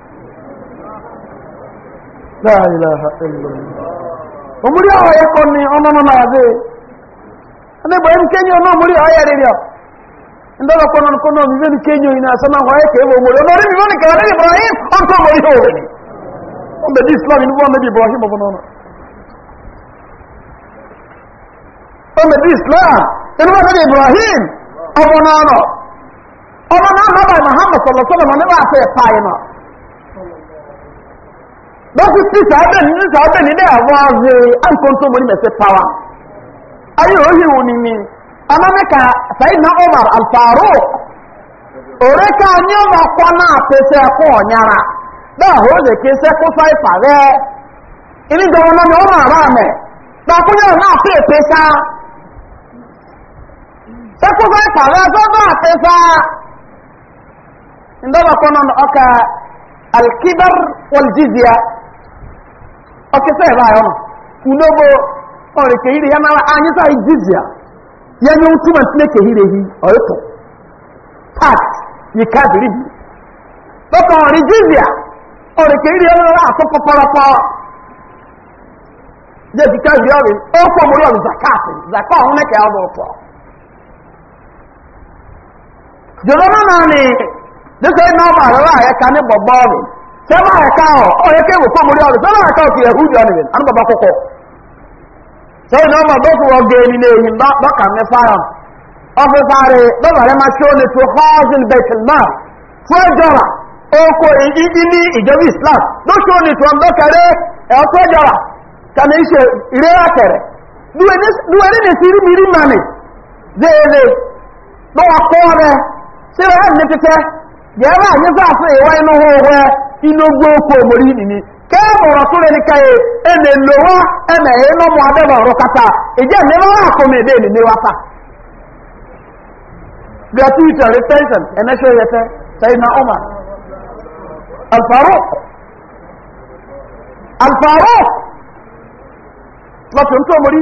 ilaha omuri awa ya kon ni ono no naze ande bo ya kenyo no muri aya re nọ ndo ko non ko no viven kenyo ina sama no ibrahim islam ibrahim islam ibrahim pa lọ́sí tí sàábẹ̀ ní sàábẹ̀ nílé àwọn ọ̀rẹ́ àìkóńtó mo ní mẹ̀sẹ̀ pàwà omar alfaro ọ̀rẹ́ ká ní ọmọ ọkọ náà pèsè ẹ̀kọ́ ọ̀nyára bẹ́ẹ̀ hó lè ké sẹ́kọ́ ya. rẹ̀ ilé ìjọba náà ni ó máa rà mẹ́ ọkịta ebe anyị ọnụ udobo ọrụ ya mara anyị ya nye otu ma ntine kehire yi kadiri hi dọka ọrụ jizia ọrụ kehire ya mara ọhụrụ ya ọdụ ụtọ jọrọ na naanị dịka ị na-agba ka anyị sẹ́mà ẹ̀ka ọ̀ ọ̀yẹ́ kéwò fún orí ọ̀rẹ́ sẹ́mà ẹ̀ka òkè ẹ̀húdì ọ̀nìyàn anúbàbà kọ́kọ́ sẹ́yìn náà mà dọ́kù ọgẹ́ ẹni ní èyí bọ́kà ní fara ọfífàrí bọ́bàrẹ́ máa tí ó ní tó hajjil oko ìdí ìjọba islam ní tó ìrẹ́ra kẹrẹ ní mami ní inogbo okwu omori inini ka e mọrọ tụrụ nika ye ene lowa ene ye nọ mụ adịba ọrụ kata ije nemara akụ m ede enene wata gratuity retention emecha oyete sayidina umar alfaruk alfaruk lọtụ ntụ omori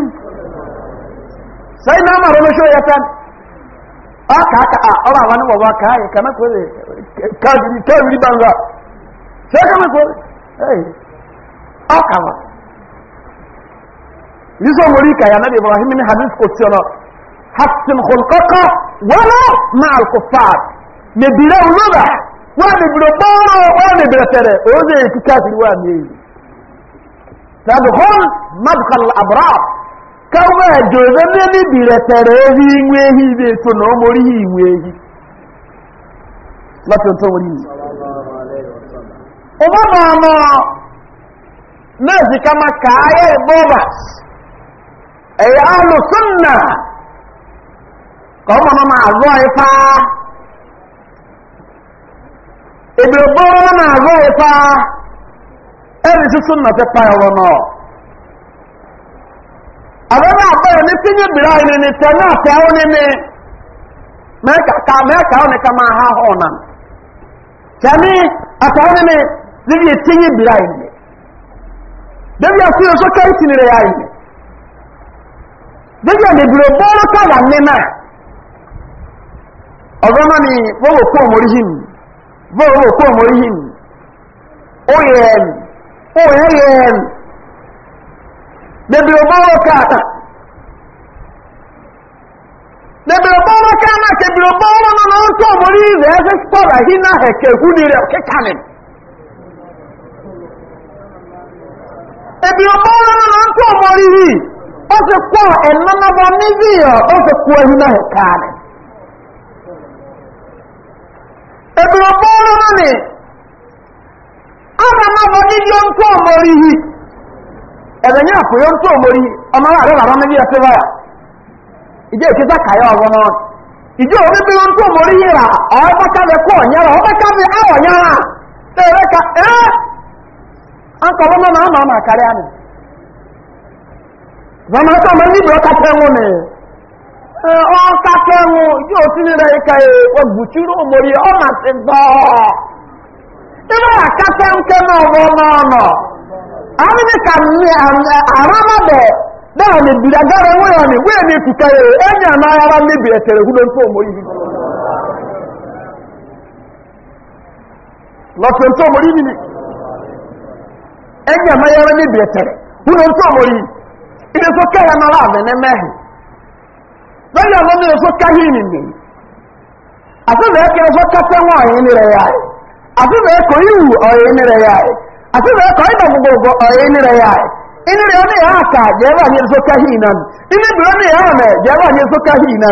sayidina umar emecha oyete ọ ka aka a ọ bụ awa n'ụwa bụ aka anyị ka kwere ka jiri ka jiri sai ka mai kore eh aka ma yiso mori nabi ibrahim hasin wala al kuffar me bire uluba wa me o boro wa me bire tere o ze ki kafir me tadkhul madkhal al abrar ka wa jozo ne ni tere hi nwe hi be to mori hi ụmụ ma ọnụ na-ezika maka ahịa bọbas ẹ̀yà alùsùnà kọ́mọ mọ́ máa zọ ipa ìgbègbè mọ́ máa zọ ipa ẹ̀rì sísùn nà pípa ẹ̀wọ̀ náà àbẹ́rẹ́ àbẹ́rẹ́ ní sínú ìbìrá ẹni ní tẹ̀ náà tẹ̀ ọ́ ní ní mẹ́ẹ̀kà ọ́ ní ka máa há hàn náà tẹ̀ debi etenye bira yi ne debi afi nso kai tinire ya yi debi a nebiro bɔɔlo ka wa nena ɔgɔma ni wɔwɔ kɔn mori him wɔwɔ o mori him oyɛn oyɛyɛn nebiro bɔɔlo ka nebiro bɔɔlo ka na kebiro bɔɔlo na na nso yi na ɛsɛ kɔla hi na hɛ kehu ni rɛ ka ne. ebi ọmọ ọlọ́nà na ń tó ọmọ rírì ó sì pọ̀ ẹ̀nánàbọ̀ níbi ọ̀ ó náà rẹ̀ ebi ọmọ ọlọ́nà ni ọmọnàbọ̀ níbi ó ń tó ọmọ rírì ẹ̀rẹ̀ àpò ń ọmọ rírì ọmọ rẹ̀ báyà náà òní bí ń ọmọ rírì rà ankọrọ nọ na ama ama karịa nị zama aka ma ndị bụrụ kacha enwu nị e, ọ kacha enwu ji otinere ka e, o gbuchiri omori ọ masị dọọ ịbụ na kacha nke na ọgbọ n'ọnọ ka ya ni ni etere omori lọtụ omori ẹ̀yìn àmà ọrụ ní wúlò ń tó ọmọ ilé tó kẹ́yà náà rà mẹ́nẹ́ mẹ́hìn lórí àwọn ilé tó kẹ́yà ìní mi àtúbẹ̀ ẹ̀kẹ́ tó kẹ́tẹ́ wọn ọ̀yìn ní rẹ̀ yá ẹ̀ ẹ̀kọ́ ìwù ọ̀yìn ní rẹ̀ yá ẹ̀ ẹ̀kọ́ ọ̀yìn ní rẹ̀ yá ẹ̀ ilé rẹ̀ ní ìhà àkà ilé ní ìhà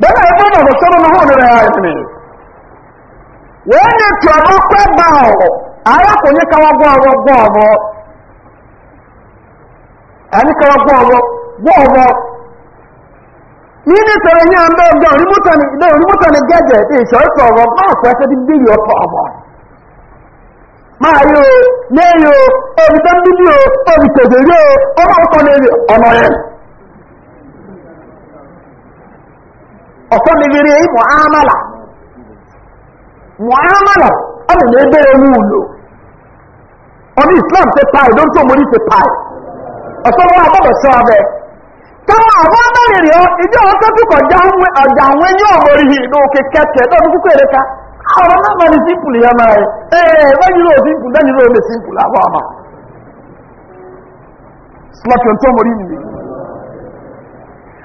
bẹ́ẹ̀ náà ẹgbẹ́ ọ̀dọ̀ sọ́rọ̀ náà hàn rẹ̀ ayé mi wọ́n yẹ tí ọ̀rọ̀ pẹ́ bá ọ̀rọ̀ arákùnrin káwọ́ gbọ́ ọ̀rọ̀ gbọ́ ọ̀rọ̀ ẹni káwọ́ gbọ́ ọ̀rọ̀ gbọ́ ọ̀rọ̀ ní ní sọ̀rọ̀ yẹn à ń bẹ́ ọgbọ́n onímútọ́ni ilé onímútọ́ni gẹ́gẹ́ bí ìṣòro máa bí ọ ọ̀tọ́ ni rere mọ̀hámàlà mọ̀hámàlà ọ̀nà na ebe ewu ulo ọ̀nà islam ṣe pai ìdó tó mọ̀rí ṣe pa ọ̀tọ́ wọn àbọ̀bọ̀ ṣe ọbẹ̀ káwọn àbọ̀ abẹ́rẹ̀ rẹ̀ ìjọ ọ̀tọ́ tó kọjá ọjà àwọn ẹni ọ̀mọ̀rí yìí ní òkè kẹtẹ̀ lọ́dún kúkú èrè ee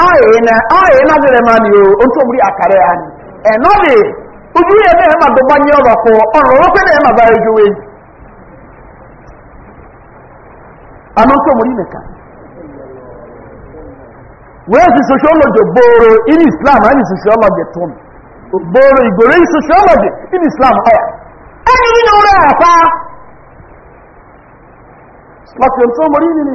ọ ọ̀yìnà dìrẹ máa ní ojú omúrí àkàrẹ àní ẹ̀nà rẹ̀ ojú yẹ bẹ́ẹ̀ máa dọ́gbọ́n ní ọ̀rọ̀ fún ọ̀rọ̀ wọ́n fẹ́rẹ̀ máa bá ojú wẹ̀ àná ojú omúrí nìkan wọ́n sì sociology gbòòrò in islam ẹni sociology tún gbòòrò ìgbòòrò in sociology in islam ọ̀yà ẹni nínú rẹ̀ ni.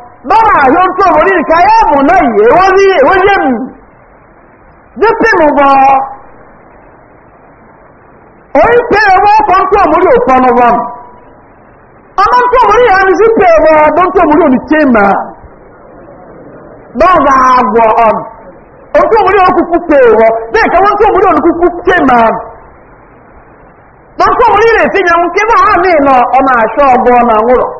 lọ́rọ̀ na tó orí nke ẹ́mù náà yìí èwọ́ rí èwọ́ yé mi dípìmù bọ̀ orí pé ẹwọ́ nke tó orí òkan lọ́wọ́ ọmọ tó orí ìhàní sí pé ẹwọ́ ọdún tó orí òní tí mà lọ́rọ̀ ọ̀n pé ẹwọ́ bẹ́ẹ̀ tó tí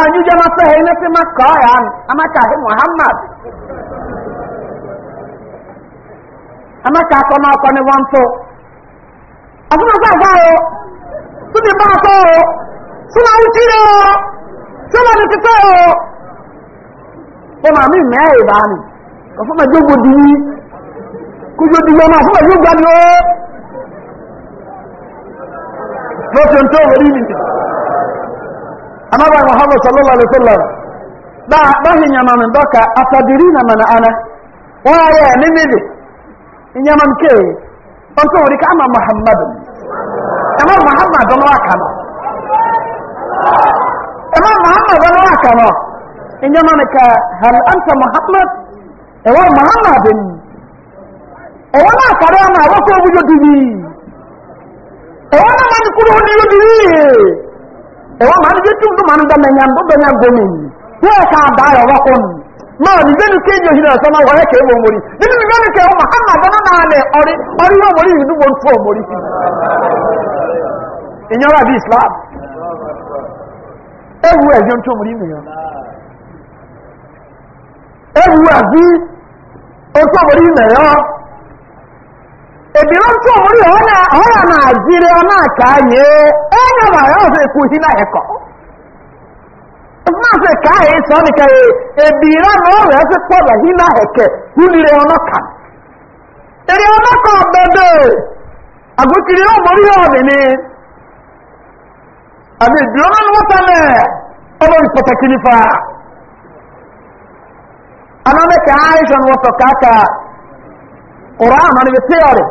anyị je na sahel maka amaka ahụ muhammad amaka akọ na akọ n'ịwa ntụ na asa ahụ sụdị atọ ahụ sụna uchire ahụ sụna ahụ fụna mi mee ịba anyị ogbo dị kụjọ dị ya na ọfụna ji ogbo anaba muhammad sallallahu alaihi wasallam da bahi nyama men doka atadirina mana ana waye eh, ni nibi nyama mke onto uri amma muhammad kama muhammad ono akano kama muhammad ono akano nyama ka hal anta muhammad ewa muhammad ewa na kare na wako bujo dubi ewa na man kuro ni dubi ẹ̀wọ́n máa ndị jẹ́ tí ọdún máa ń dọ́mẹ̀ yàn gbogbo yàn gomi ní ẹ̀ka àbáyọ̀ ọwọ́kọ́ mi máa ní bẹ́ẹ̀ ni kéèjì òṣìṣẹ́ ọ̀sán na wọlé kéè wọ mórí nínú ni kéè wọ́n máa hàn àgbọ̀n islam ebiro ntụ omori ọna ọya na ajiri ọna aka nye onye e ma e e, ya ọzọ ekwu hi na hekọ mmasị ka ahụ ịsọ ọ bụ ebiro na ọrịa ọsị hi na heke hunire ọnụ ka eri ọnụ ka ọbebe agụkiri omori ọdị ni àbí ebiro na nwata na ọlọrị pọtakị nifa anamị ka ahụ ịsọ nwata ka aka ụra na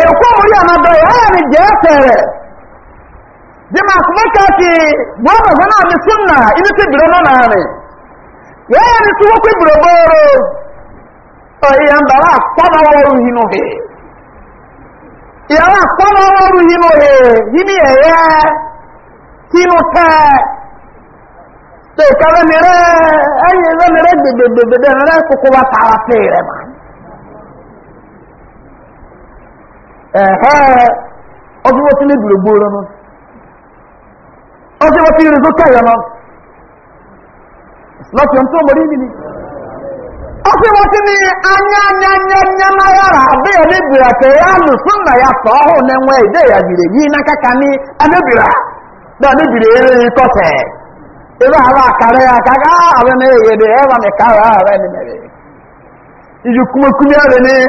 èkó orí àmàdọ̀ ìhàyà ni jẹ́ tẹ̀rẹ̀ bí ma kò mọ́ káàkì gbọ́ọ̀mọ̀gbọ́n náà ni súnà ilé tí bìrọ náà rẹ̀ yẹ́yà ni tí wọ́n pé bìrọ bọ́ọ̀rọ̀ ìyà ń bàrà hinú hẹ̀ ìyàwó àpọ́nàwọ́rù hinú ẹ̀hẹ́ ọdún wọ́n tí lè gbùrò gbòòrò ọdún wọ́n tí lè zókè yọ nù lọ́tí ọ̀n tó mọ̀rí nìyí ọdún wọ́n tí ní anyanyanyanyanamáyára àbẹ́yẹ lébìrà lù fún ya sọ ọ́hún nẹ́wọ́ ìdé ìyàgbìrì yìí kàkà ní eré àwọn àkàrẹ́ àkàkà àwọn ẹ̀yẹ̀dẹ̀ àwọn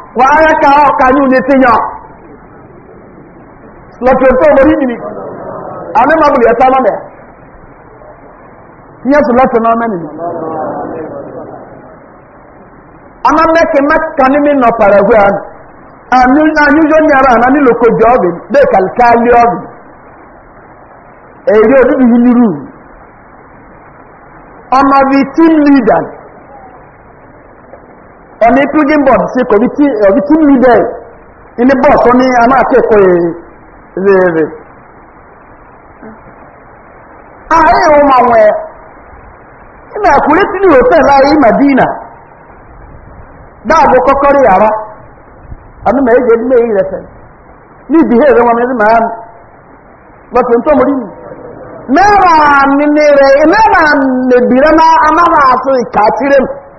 wàhálà ká ọkà ní òní tí yàn lọ́tọ̀ tó mọ̀rí nìní àmì máa bùrì ẹ̀ta lọ́mẹ̀ ní ẹ̀sùn lọ́tọ̀ náà mẹ́ni ọmọ mẹ́kì mẹ́kà ní mi nọ̀pàrẹ̀ ẹ̀hú àmì àyúyọ́ ní ara àná nílò kojú ọ̀bìn bẹ́ẹ̀ kàlíkàlí ọ̀bìn èrè ọmọ team leader Ọ na board sí kò rí team na ilé bọ́ọ̀sì ó ní amáàkẹ́kọ̀ọ́ èrè ààrẹ ìwọ̀n àwọn ị na kure tini hotel la ah, ma madina da abu kokore yara anu me je me yi refe ni bi eh, he ma ba to na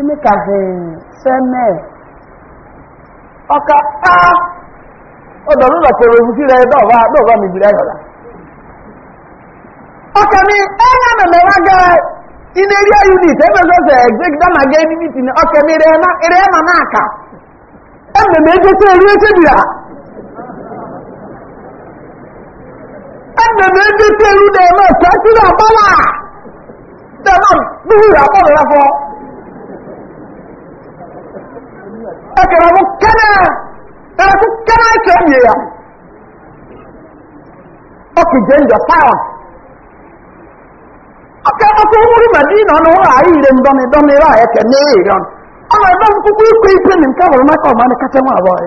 ini ka seme ọka a ọdọrọ ní lọkọrọ òfìsí rẹ dọọba dọọba mi bìrẹ yọlá ọka ni ẹnyà mẹmẹwà gẹ iná eré unit ẹgbẹ̀rún ọ̀sẹ̀ ẹgbẹ̀rún dáná gẹ ní mítì ní ọka ni ìrẹ́ ẹ̀mà náà kà ẹmẹmẹ ẹgbẹ́ tó eré ẹsẹ̀ bìrà ẹmẹmẹ ẹgbẹ́ tó eré ẹmẹ ẹ̀kẹ̀rẹ̀ mú kẹ́nẹ̀ ẹ̀kú kẹ́nẹ̀ ẹ̀kẹ́ mi yà ọkì jẹ́ ìjọ fáwọn ọkẹ́ ọkọ̀ orí mẹ́dínà ọ̀nà ọ̀rọ̀ àyè ìrẹ̀ ndọ́mi dọ́mi rà ẹ̀kẹ́ ní èrè na ọmọ ẹ̀dọ́m kúkú ikú ikú ní nǹkan maka mẹ́kọ̀ kacha ní abụọ ya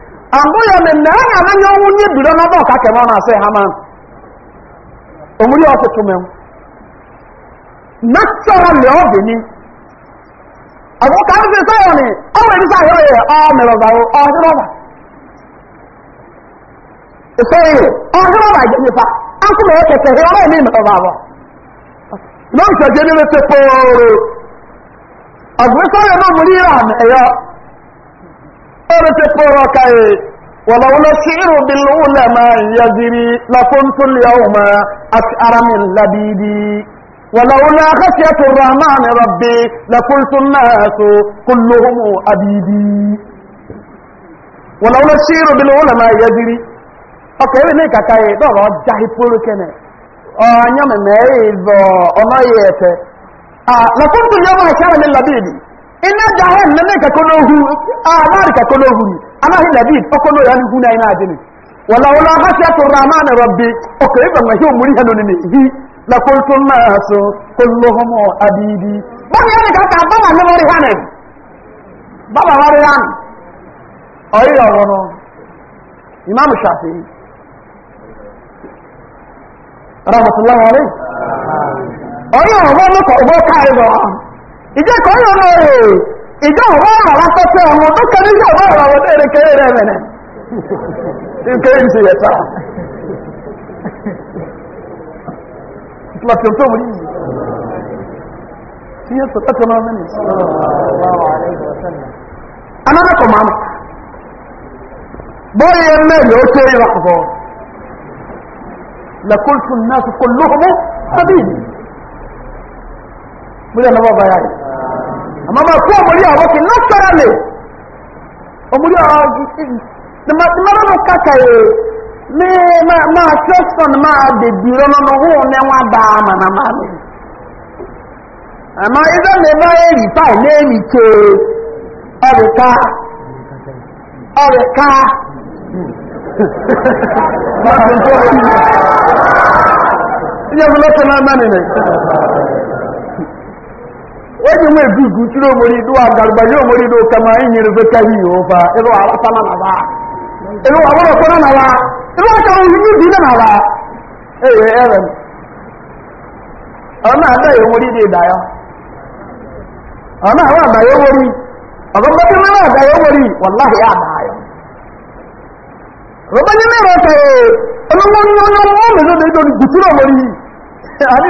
àmúyọ̀ mẹ́mẹ́ ẹ̀yà lẹ́yìn ohun ní ìbìrọ̀ náà bọ̀ kákẹ̀ mọ́ na sẹ́ ha máa òmúrí ọ̀tọ̀tọ̀ mẹ́wọ́ natural lè ọ̀bẹ̀ ni àkókò àwọn ìṣẹ́ sọ́yọ̀ ni ọmọ ìdíṣẹ́ àyọ̀ yẹ ọmọrọ̀bà na أرت فرقي ولولا الشعر بالعلماء يجري لكنت اليوم أشعر من لبيدي ولولا خشية الرحمن ربي لقلت الناس كلهم عبيدي ولولا الشعر بالعلماء يجري أوكي نيكا كاي دورا جاهي بولو كنه أنا من أيضا أنا يأتي آه لكنت اليوم أشعر من لبيدي ina jahe nane ka kono hu amari ah, ka kono hu ana hi nabi okono yani hu na ina wala wala rahman rabbi ba ma hi muri hanu ni hi la qultu nasu kulluhum adidi ba ni yani ka ba ma hanen ba ba han imam rahmatullahi alayhi ko ìjẹ́ kan yóò lọ rè ìjẹ́ òwò ọ̀rọ̀ akọ́tẹ́ ọmọ tó kẹ́ ní ìjọba ọ̀rọ̀ àwọn ẹ̀rẹ̀ kéré rẹ̀ mẹ́nẹ̀ ìkéré ń ṣe yẹ sáà láti ọ̀tọ́ òmùrí yìí tí yẹ́ sọ̀tọ́tọ́ máa mẹ́rin anábẹ́kọ̀ máa mọ̀ bóyá yẹn mẹ́rin ó kéré rà kọ̀kọ́ lẹ́kùn tún náà kọ̀kọ́ lóhùn mọ́ sábìlì muri ọ̀nà bàbá yáyì àmọ́ máa kó omori àwọ́kì lọ́sọ̀rọ̀lẹ̀ omori àwọ́kì tìmọ́tìmọ́tò kàkà yìí ní máa tẹ́sán máa bèbí rọ́nà ọ̀hún ní wọ́n bá a màmá máa mi àmọ́ ìdá mi bá èrì táì léèrì ọ̀rẹ́ká ọ̀rẹ́ká onye nwe egugu tụrụ omori do agarụgba ya do kama inyere veka hiyo ụfa ala arụsana na ba ịrụ abụrụ kwara na ba ịrụ aka nri dị na ba ewe ere ọ na ya dị da ya ọ na na ya wallahi ya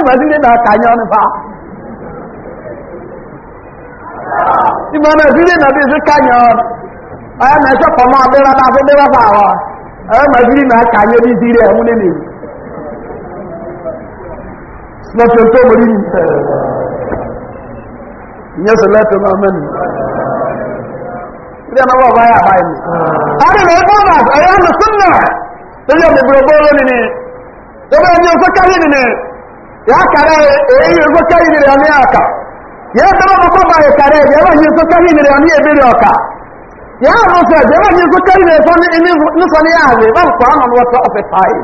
ya ọnụ na ma ìmọ̀ náà ìdílé náà bí i sí kányọ̀ ẹ̀ mẹ́ sọ pọ̀ máa bẹ́rẹ̀ bá fún bẹ́rẹ̀ wọ́ ẹ̀ mọ̀ ìdílé náà bí ìdílé tó mọ̀ nínú sọ lẹ́tọ̀ mẹ́nu ìdí ẹ̀ náà bá yà báyìí ni. náà gbogbo ni ya dama na ba ya kare ya ba ni so kari ahụ ni ebe ya ro se ya ya be ba ko an wa ta ofe tai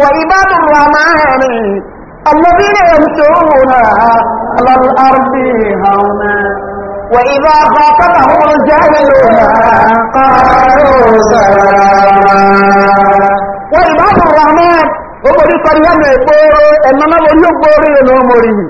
wa ibadu rahmani alladhina yamshuna ala al-ardi hauna wa wa ya e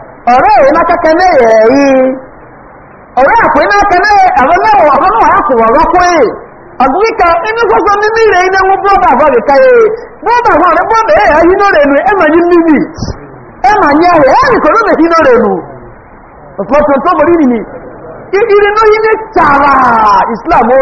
ọ̀rẹ́ yìí náà ya ní ẹ̀yẹ yìí ọ̀rẹ́ àpè náà kẹ́ ní àwọn mẹ́wàá ọ̀hún náà kò wọ́n rọ́pò yìí ọ̀gbìn kan inú sọ́sọ́ ní ní ìrẹ̀ yìí náà wọ́n bọ́ọ̀bà àbọ̀dì káyé bọ́ọ̀bà àwọn ọ̀rẹ́ bọ́ọ̀bà ẹ̀yà yìí náà rẹ̀ nù náà nù tó náà yìí ní tààrà islam ó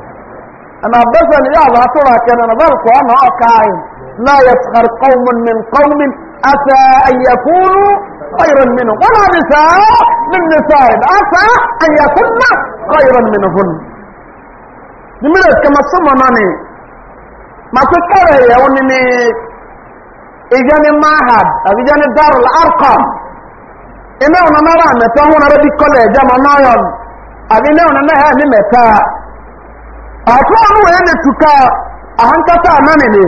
أنا بس أن يعضى ترى كان نظرك أنا أقعين لا يسخر قوم من قوم أتى أن يكونوا خيرا منهم ولا نساء من نساء أتى أن يكون خيرا منهن لماذا كما سمى ماني ما تكره يا ونمي إجاني معهد أو إجاني دار الأرقام إنه نرى متى هنا ربي كله جمع نايم أو إنه نرى متى akwai ruwa yana tuka a hankata ne ne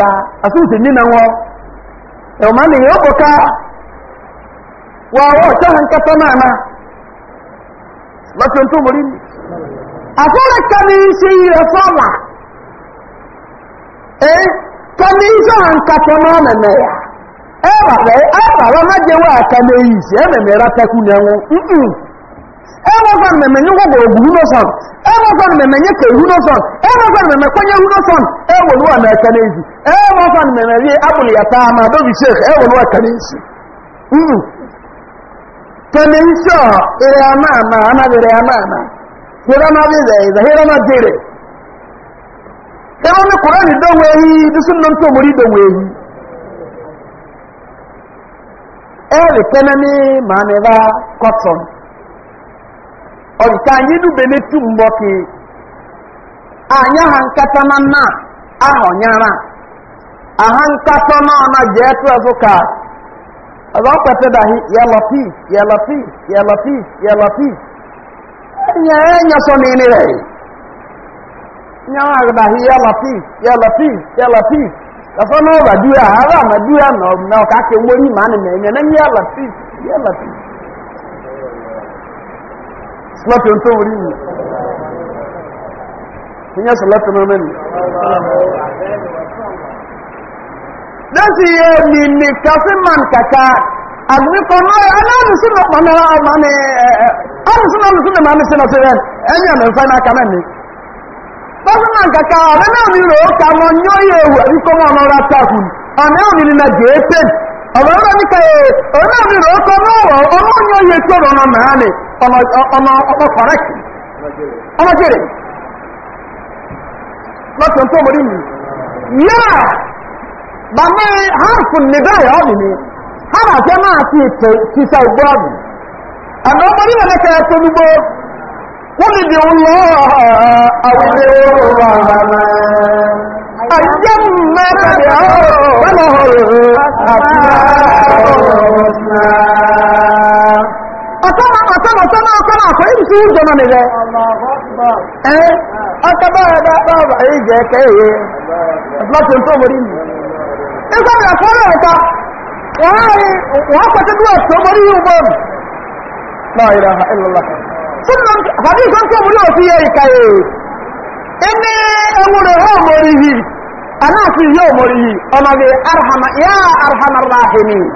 da a su ti nina wọ yau ma wa yau boka wawo na na lati otu muri ne a fara kani shi ya hankata na na na ya ẹwà rẹ̀ ẹwà rẹ̀ májẹ̀wà kàmẹ́yìí sí ẹ̀mẹ̀mẹ̀ rátakú ni ẹwọ́gbọ́n mẹ̀mẹ̀ ní wọ́gbọ̀ ògùn húnọ́sọ̀n ẹwọ́gbọ́n mẹ̀mẹ̀ ní kẹ̀ húnọ́sọ̀n ẹwọ́gbọ́n mẹ̀mẹ̀ kọ́nyẹ húnọ́sọ̀n ẹwọ̀n wà mẹ́ ẹ̀kẹ́ n'ezi ẹwọ́gbọ́n mẹ̀mẹ̀ rí abúlé taa ma dóbi sheikh ẹwọ̀n wà kẹ́ n'ezi kẹ́ni iṣẹ́ ìrẹ̀ àmàmà anábìrẹ̀ àmàmà hírámàbìrẹ̀ ìzàhírámàbìrẹ̀ ẹwọ́n tó ọdị ka anyị dubele tu mbọ ka anya ha nkata na nna nyara. aha nkata na ọna ji etu ọzọ ka ọzọ kwete dahi yalopi yalopi yalopi yalopi enye enye so na inire nyawa dahi yalopi yalopi yalopi ọfọ na ọba dua ha ba ma dua na ọka ka nwere ime anị na enye na yalopi yalopi sílọ́tì tó wùrí wù kí yẹ́ sílọ́tì náà mẹ́rin lẹ́sí yẹ ni ni kàfí man kàkà àgbẹ̀kọ̀ náà aláàrùsí ọ pọ̀ náà ọmọ ni ọrùsí náà lùsí náà máa ní sínú sí rẹ̀ ẹni àmì ìfẹ́ náà kàmẹ́ ni kàfí man kàkà ọ̀rẹ́ náà mi rò ó kà mọ́ nyọ́ yẹ ewu àbí ọmọ ọmọ ọmọ kọ̀rẹ́kì ọmọ jèrè lọ́tọ̀ tó mọ̀ nínú yáà bàmí hansun ní bẹ́ẹ̀ ọ́ nìyí hàn àti ẹ̀ máa ti ètò ìṣiṣẹ́ ìgbọ́ ọ̀dùn àná ọmọ nínú ẹ̀ kẹ́yà tó gbogbo wọ́n lè di òun lọ àwọn ilé ọ̀rọ̀ àyè mẹ́ta ni àwọn ọ̀rọ̀ àti àwọn ọ̀rọ̀ sama sama kana ko in su da nan ne eh aka ba da ba ba eh je kai eh platin to mori ni e ko ya ko ya ta wai wa ko ta duwa to mori u bon la ilaha illallah sunnan hadisan ko mori o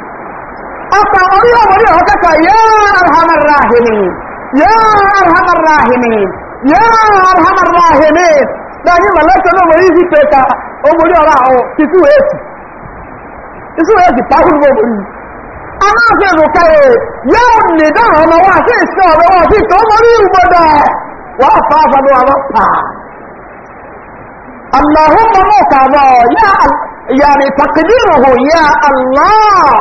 أفا أريد أريد هكذا يا أرحم الراحمين يا أرحم الراحمين يا أرحم الراحمين لا يما لك أنا مريض كيكا أمري أراه تسوه هاتي تسوه هاتي تاكل بمري أما أفهم كي يا أمني دا أنا واسي السعب واسي تمري وبدا وأفاف أنا وأفا اللهم موتى يا يعني تقديره يا الله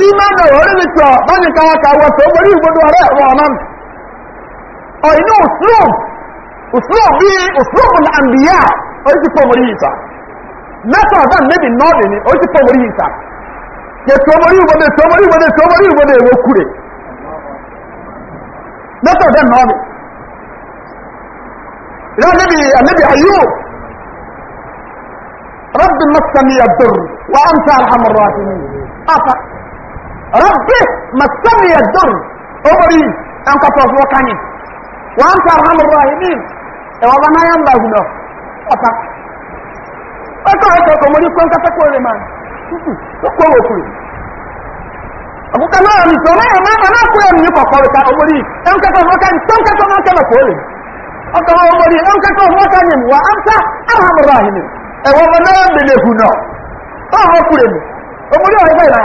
إيمان وهذا الشيء ما نكاه كأوسط بريء بدو على وامن أي نوع أسلوب أسلوب بي أسلوب الأنبياء أي شيء بريء إنسان لا تعرف نبي نادني أي شيء بريء إنسان كتبري وبدي تبري وبدي تبري وبدي وكوري لا تعرف نادني لا نبي النبي أيوب رب مسني الضر وأنت الحمراء الراحمين أفا rabbi masani ya don omori oh, en ka to wo kanyi wa anta arhamur rahimin e wa bana yan ba gudo apa o to ko ko mori kon ka ta ko re man ko ko wo ku abu ka na ni to na na na ku en ni ko ko ka omori en ka to wo kanyi ton ka to na ka ko re o to omori en ka to wo kanyi wa anta arhamur rahimin e wa bana yan be le gudo o ho ku re omori o ba ya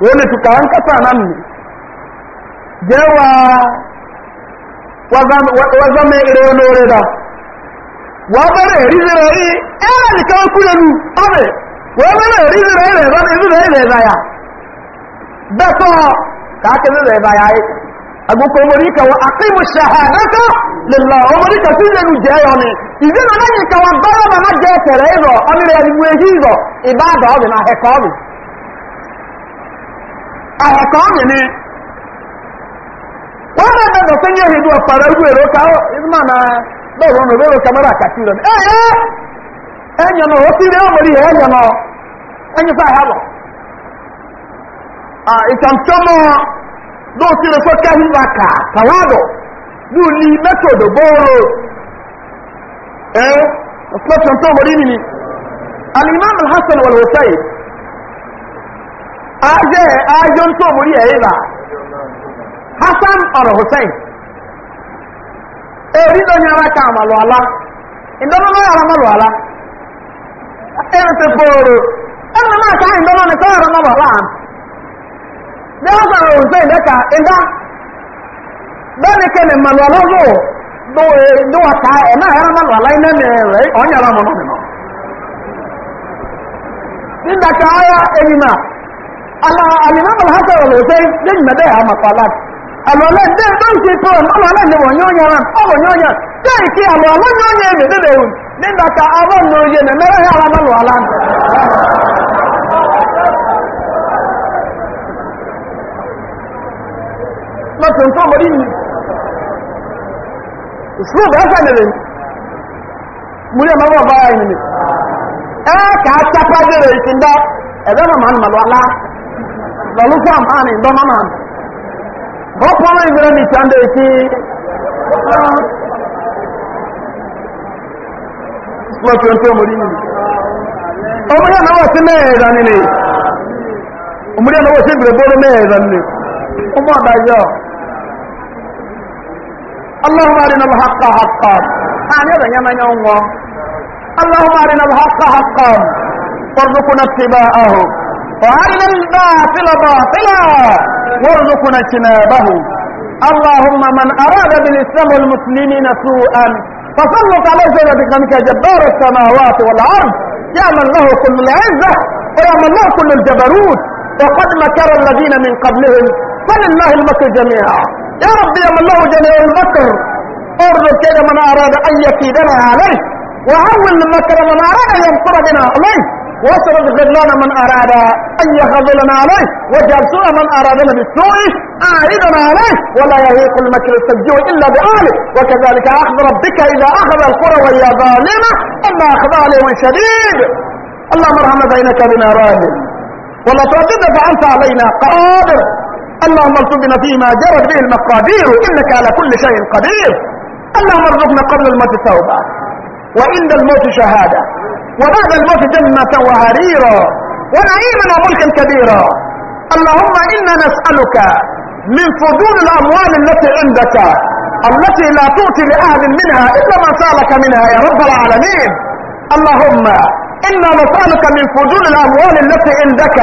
wone tukawa nkata namni jewa wazame ireonorera wabere rizirari era likawe kulenu abe wabere lezaya beto kake zirezaya ye omorika wa aqimu shahadata lillah omorika tijenu jeyoni izinu nanyi wa na izo amire ya ibada na ahịa ka ọ nyere wọ́n bá bẹ̀rẹ̀ sí ní èhìdú ọ̀pàrọ̀ ojú èrò ká ìdúmọ̀ náà lọ́rọ̀ ọ̀nà lọ́rọ̀ kamara àkàtì rẹ̀ ẹ̀ ẹ̀ ẹ̀yàn náà ó ya rí ọmọ rí ẹ̀yàn náà ẹ̀yìn fà hálọ̀ ìtàntọ́mọ́ ló ti rẹ̀ sọ́kẹ́ hìmà kà tàwádọ̀ ní ò ní mẹ́tòdò bọ́ọ̀rọ̀ ẹ̀ ọ̀pọ̀ tàntọ́mọ́ rí nìyí alimami hasan ajé ajó ntụ tó ya hassan ọrụ hussein èrí ló ka àmàlù àlá ìdọ́nà náà yàrá mọ́lù àlá ẹ̀rù ọrụ na ẹ̀rù náà ká ìdọ́nà ní kọ́ yàrá mọ́lù àlá bí hussein lẹ́ka ìdá bẹ́ẹ̀ni kẹ́lẹ̀ mọ̀lù àlá náà yàrá ana alimam alhassan wal hussein din na dai hama salat alwala don ki to ne wonyo o wonyo dai ki ne da ka awon no ye ne mere ha ala ala ma tun to mari ni su ba sa ne mu ma ba ba ni eh ka ta pa de tinda e eh, da ma man lalu sam ani ndono nan ndị pono ibere ni chande ki lo chonto mo ni omuri na wose me da ni ni omuri na wose ibere bolo me da ni omo da الحق حقا يما يوم الحق حقا وارزقنا اتباعه وأرنا الباطل باطلا وارزقنا اجتنابه اللهم من أراد بالإسلام والمسلمين سوءا فسلط عليه بقمك جبار السماوات والأرض يا من له كل العزة ويا من له كل الجبروت وقد مكر الذين من قبلهم فلله المكر جميعا يا رب يا من له جميع المكر ارزق كذا من أراد أن يكيدنا عليه وهول مكر من أراد أن ينصر بنا عليه وصل الخذلان من أراد أن يخذلنا عليه واجعل من أرادنا بالسوء أعيدنا عليه ولا يهيق المكر السجوع إلا بأهله وكذلك أخذ ربك إذا أخذ القرى وهي ظالمة أما أخذ عليهم شديد اللهم ارحم بينك بنا راجل ولا تردد فأنت علينا قادر اللهم ارزقنا فيما جرت به المقادير إنك على كل شيء قدير اللهم ارزقنا قبل الموت توبة وعند الموت شهادة وبعد الموت جنة وعريرا ونعيما وملكا كبيرا اللهم إنا نسألك من فضول الأموال التي عندك التي لا تؤتي لأهل منها إلا ما سألك منها يا رب العالمين اللهم إنا نسألك من فضول الأموال التي عندك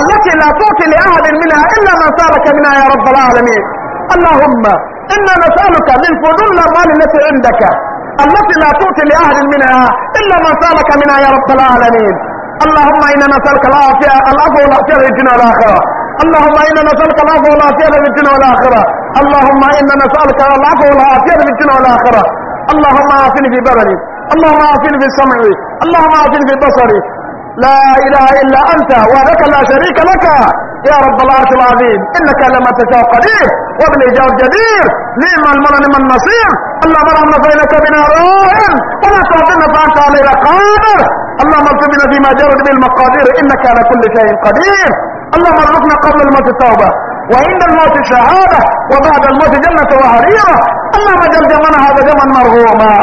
التي لا تؤتي لأهل منها إلا ما سألك منها يا رب العالمين اللهم إنا نسألك من فضول الأموال التي عندك التي لا تؤتي لأهل منها إلا ما سالك منها يا رب العالمين اللهم إنا نسألك العافية العفو والعافية في الدنيا والآخرة اللهم إنا نسألك العفو والعافية في الدنيا والآخرة اللهم إنا نسألك العفو والعافية في الدنيا والآخرة اللهم عافني في بلدي اللهم عافني في سمعي اللهم عافني في بصري لا إله إلا أنت وحدك لا شريك لك يا رب العرش العظيم إنك لما تشاء قدير وبالإجابة جدير نعم المرء نعم النصير اللهم ارحمنا فإنك بنا راهن ولا تعطينا فأنت علينا قادر اللهم اكتب فيما جرت بالمقادير إنك على كل شيء قدير اللهم ارزقنا قبل الموت توبة وعند الموت شهادة وبعد الموت جنة وحريرة اللهم جل جمعنا هذا جمعا مرغوما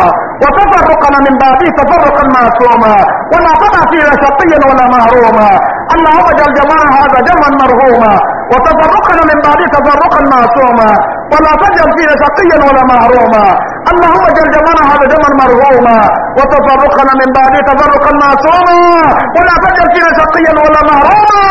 وتفرقنا من بعده تفرقا معصوما ولا تضع فيه شقيا ولا مهروما اللهم جل جمعنا هذا جمعا مرغوما وتفرقنا من بعده تفرقا معصوما ولا تجعل فيه شقيا ولا مهروما اللهم جل جمعنا هذا جمعا مرغوما وتفرقنا من بعده تفرقا معصوما ولا تجعل فيه شقيا ولا مهروما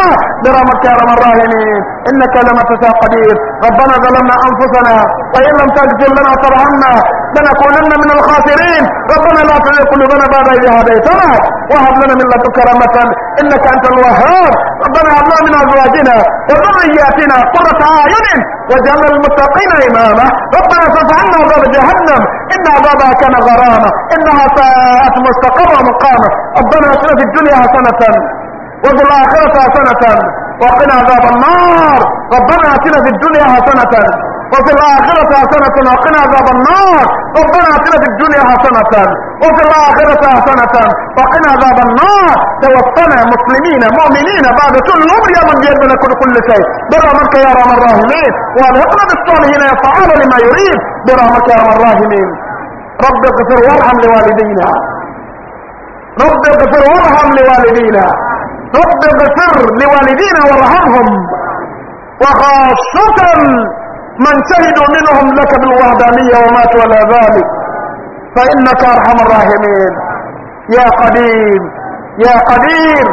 برحمتك يا رب الراحمين انك لما تشاء قدير ربنا ظلمنا انفسنا وان لم تغفر لنا وترحمنا لنكونن من الخاسرين ربنا لا تزغ قلوبنا بعد اذ هديتنا وهب لنا من لدنك رحمه انك انت الوهاب ربنا هب لنا من ازواجنا وذرياتنا قره اعين وجعلنا للمتقين اماما ربنا اصرف عنا عذاب جهنم ان عذابها كان غراما انها ساءت مستقرا مقاما ربنا اتنا في الدنيا حسنه وفي الآخرة حسنة وقنا عذاب النار ربنا آتنا في الدنيا حسنة وفي الآخرة حسنة وقنا عذاب النار ربنا آتنا في الدنيا حسنة وفي الآخرة حسنة وقنا عذاب النار توفنا مسلمين مؤمنين بعد كل أمر يا من بيدنا كل كل شيء برحمتك يا رحم الراحمين وألهقنا بالصالحين يفعل لما يريد برحمتك يا رحم الراحمين رب اغفر وارحم لوالدينا رب اغفر وارحم لوالدينا رب اغفر لوالدينا وارحمهم وخاصة من شهدوا منهم لك بالوهدانية وماتوا على ذلك فإنك أرحم الراحمين يا قديم يا قدير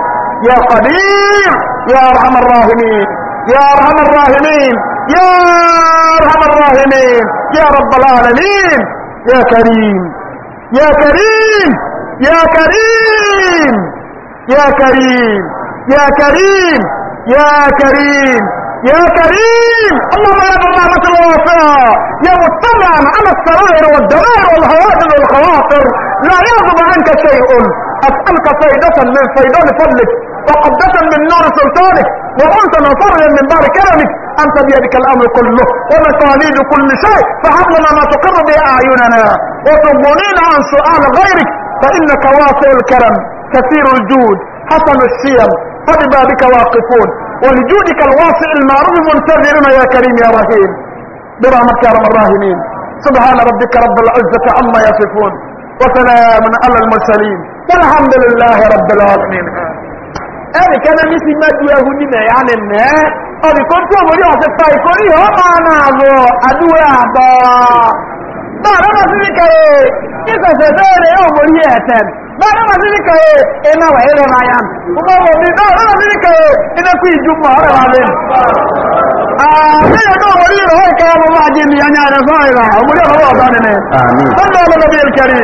يا قدير يا أرحم الراحمين يا أرحم الراحمين يا أرحم الراحمين يا رب العالمين يا كريم يا كريم يا كريم يا كريم يا كريم يا كريم يا كريم اللهم يا برنامة الواسعة يا مطلعا على السرائر والدوائر والهوادل والخواطر لا يغضب عنك شيء أسألك فائدة من فيضان فضلك وقبضة من نار سلطانك وأنت نصرا من بار كرمك أنت بيدك الأمر كله ومقاليد كل شيء لنا ما تقر به أعيننا وتغنينا عن سؤال غيرك فإنك واسع الكرم كثير الجود حسن الشيم فببابك واقفون ولجودك الواسع المعروف منتظرون يا كريم يا رحيم برحمتك يا رب الراحمين سبحان ربك رب العزة عما يصفون وسلام على المرسلين والحمد لله رب العالمين ẹnì kẹ́nà ní sí كان ni mẹ́ ọ̀dìkọ́ tí òmòrí ọ̀sẹ̀ pa ìkórí ọ̀pá náà lọ bára ma sílí kẹrẹ ìsẹ̀sẹ̀ bẹ́ẹ̀rẹ̀ yóò borí ẹ̀tẹ̀ bára ma sílí kẹrẹ iná wà ẹ̀rẹ̀ ma yá ọmọ wọn ni bára ma sílí kẹrẹ iná kú ìjú mọ̀ ọ̀rẹ̀ wa bẹ́ẹ̀ àbíyẹ̀ náà wọ́n yìí rọ̀ kẹ́ ọmọ máa jẹ́ ìyá ní ààrẹ fún àìrà ọmọdé ọmọ ọ̀gá nìyẹn fún ọmọ ọmọdé kẹrẹ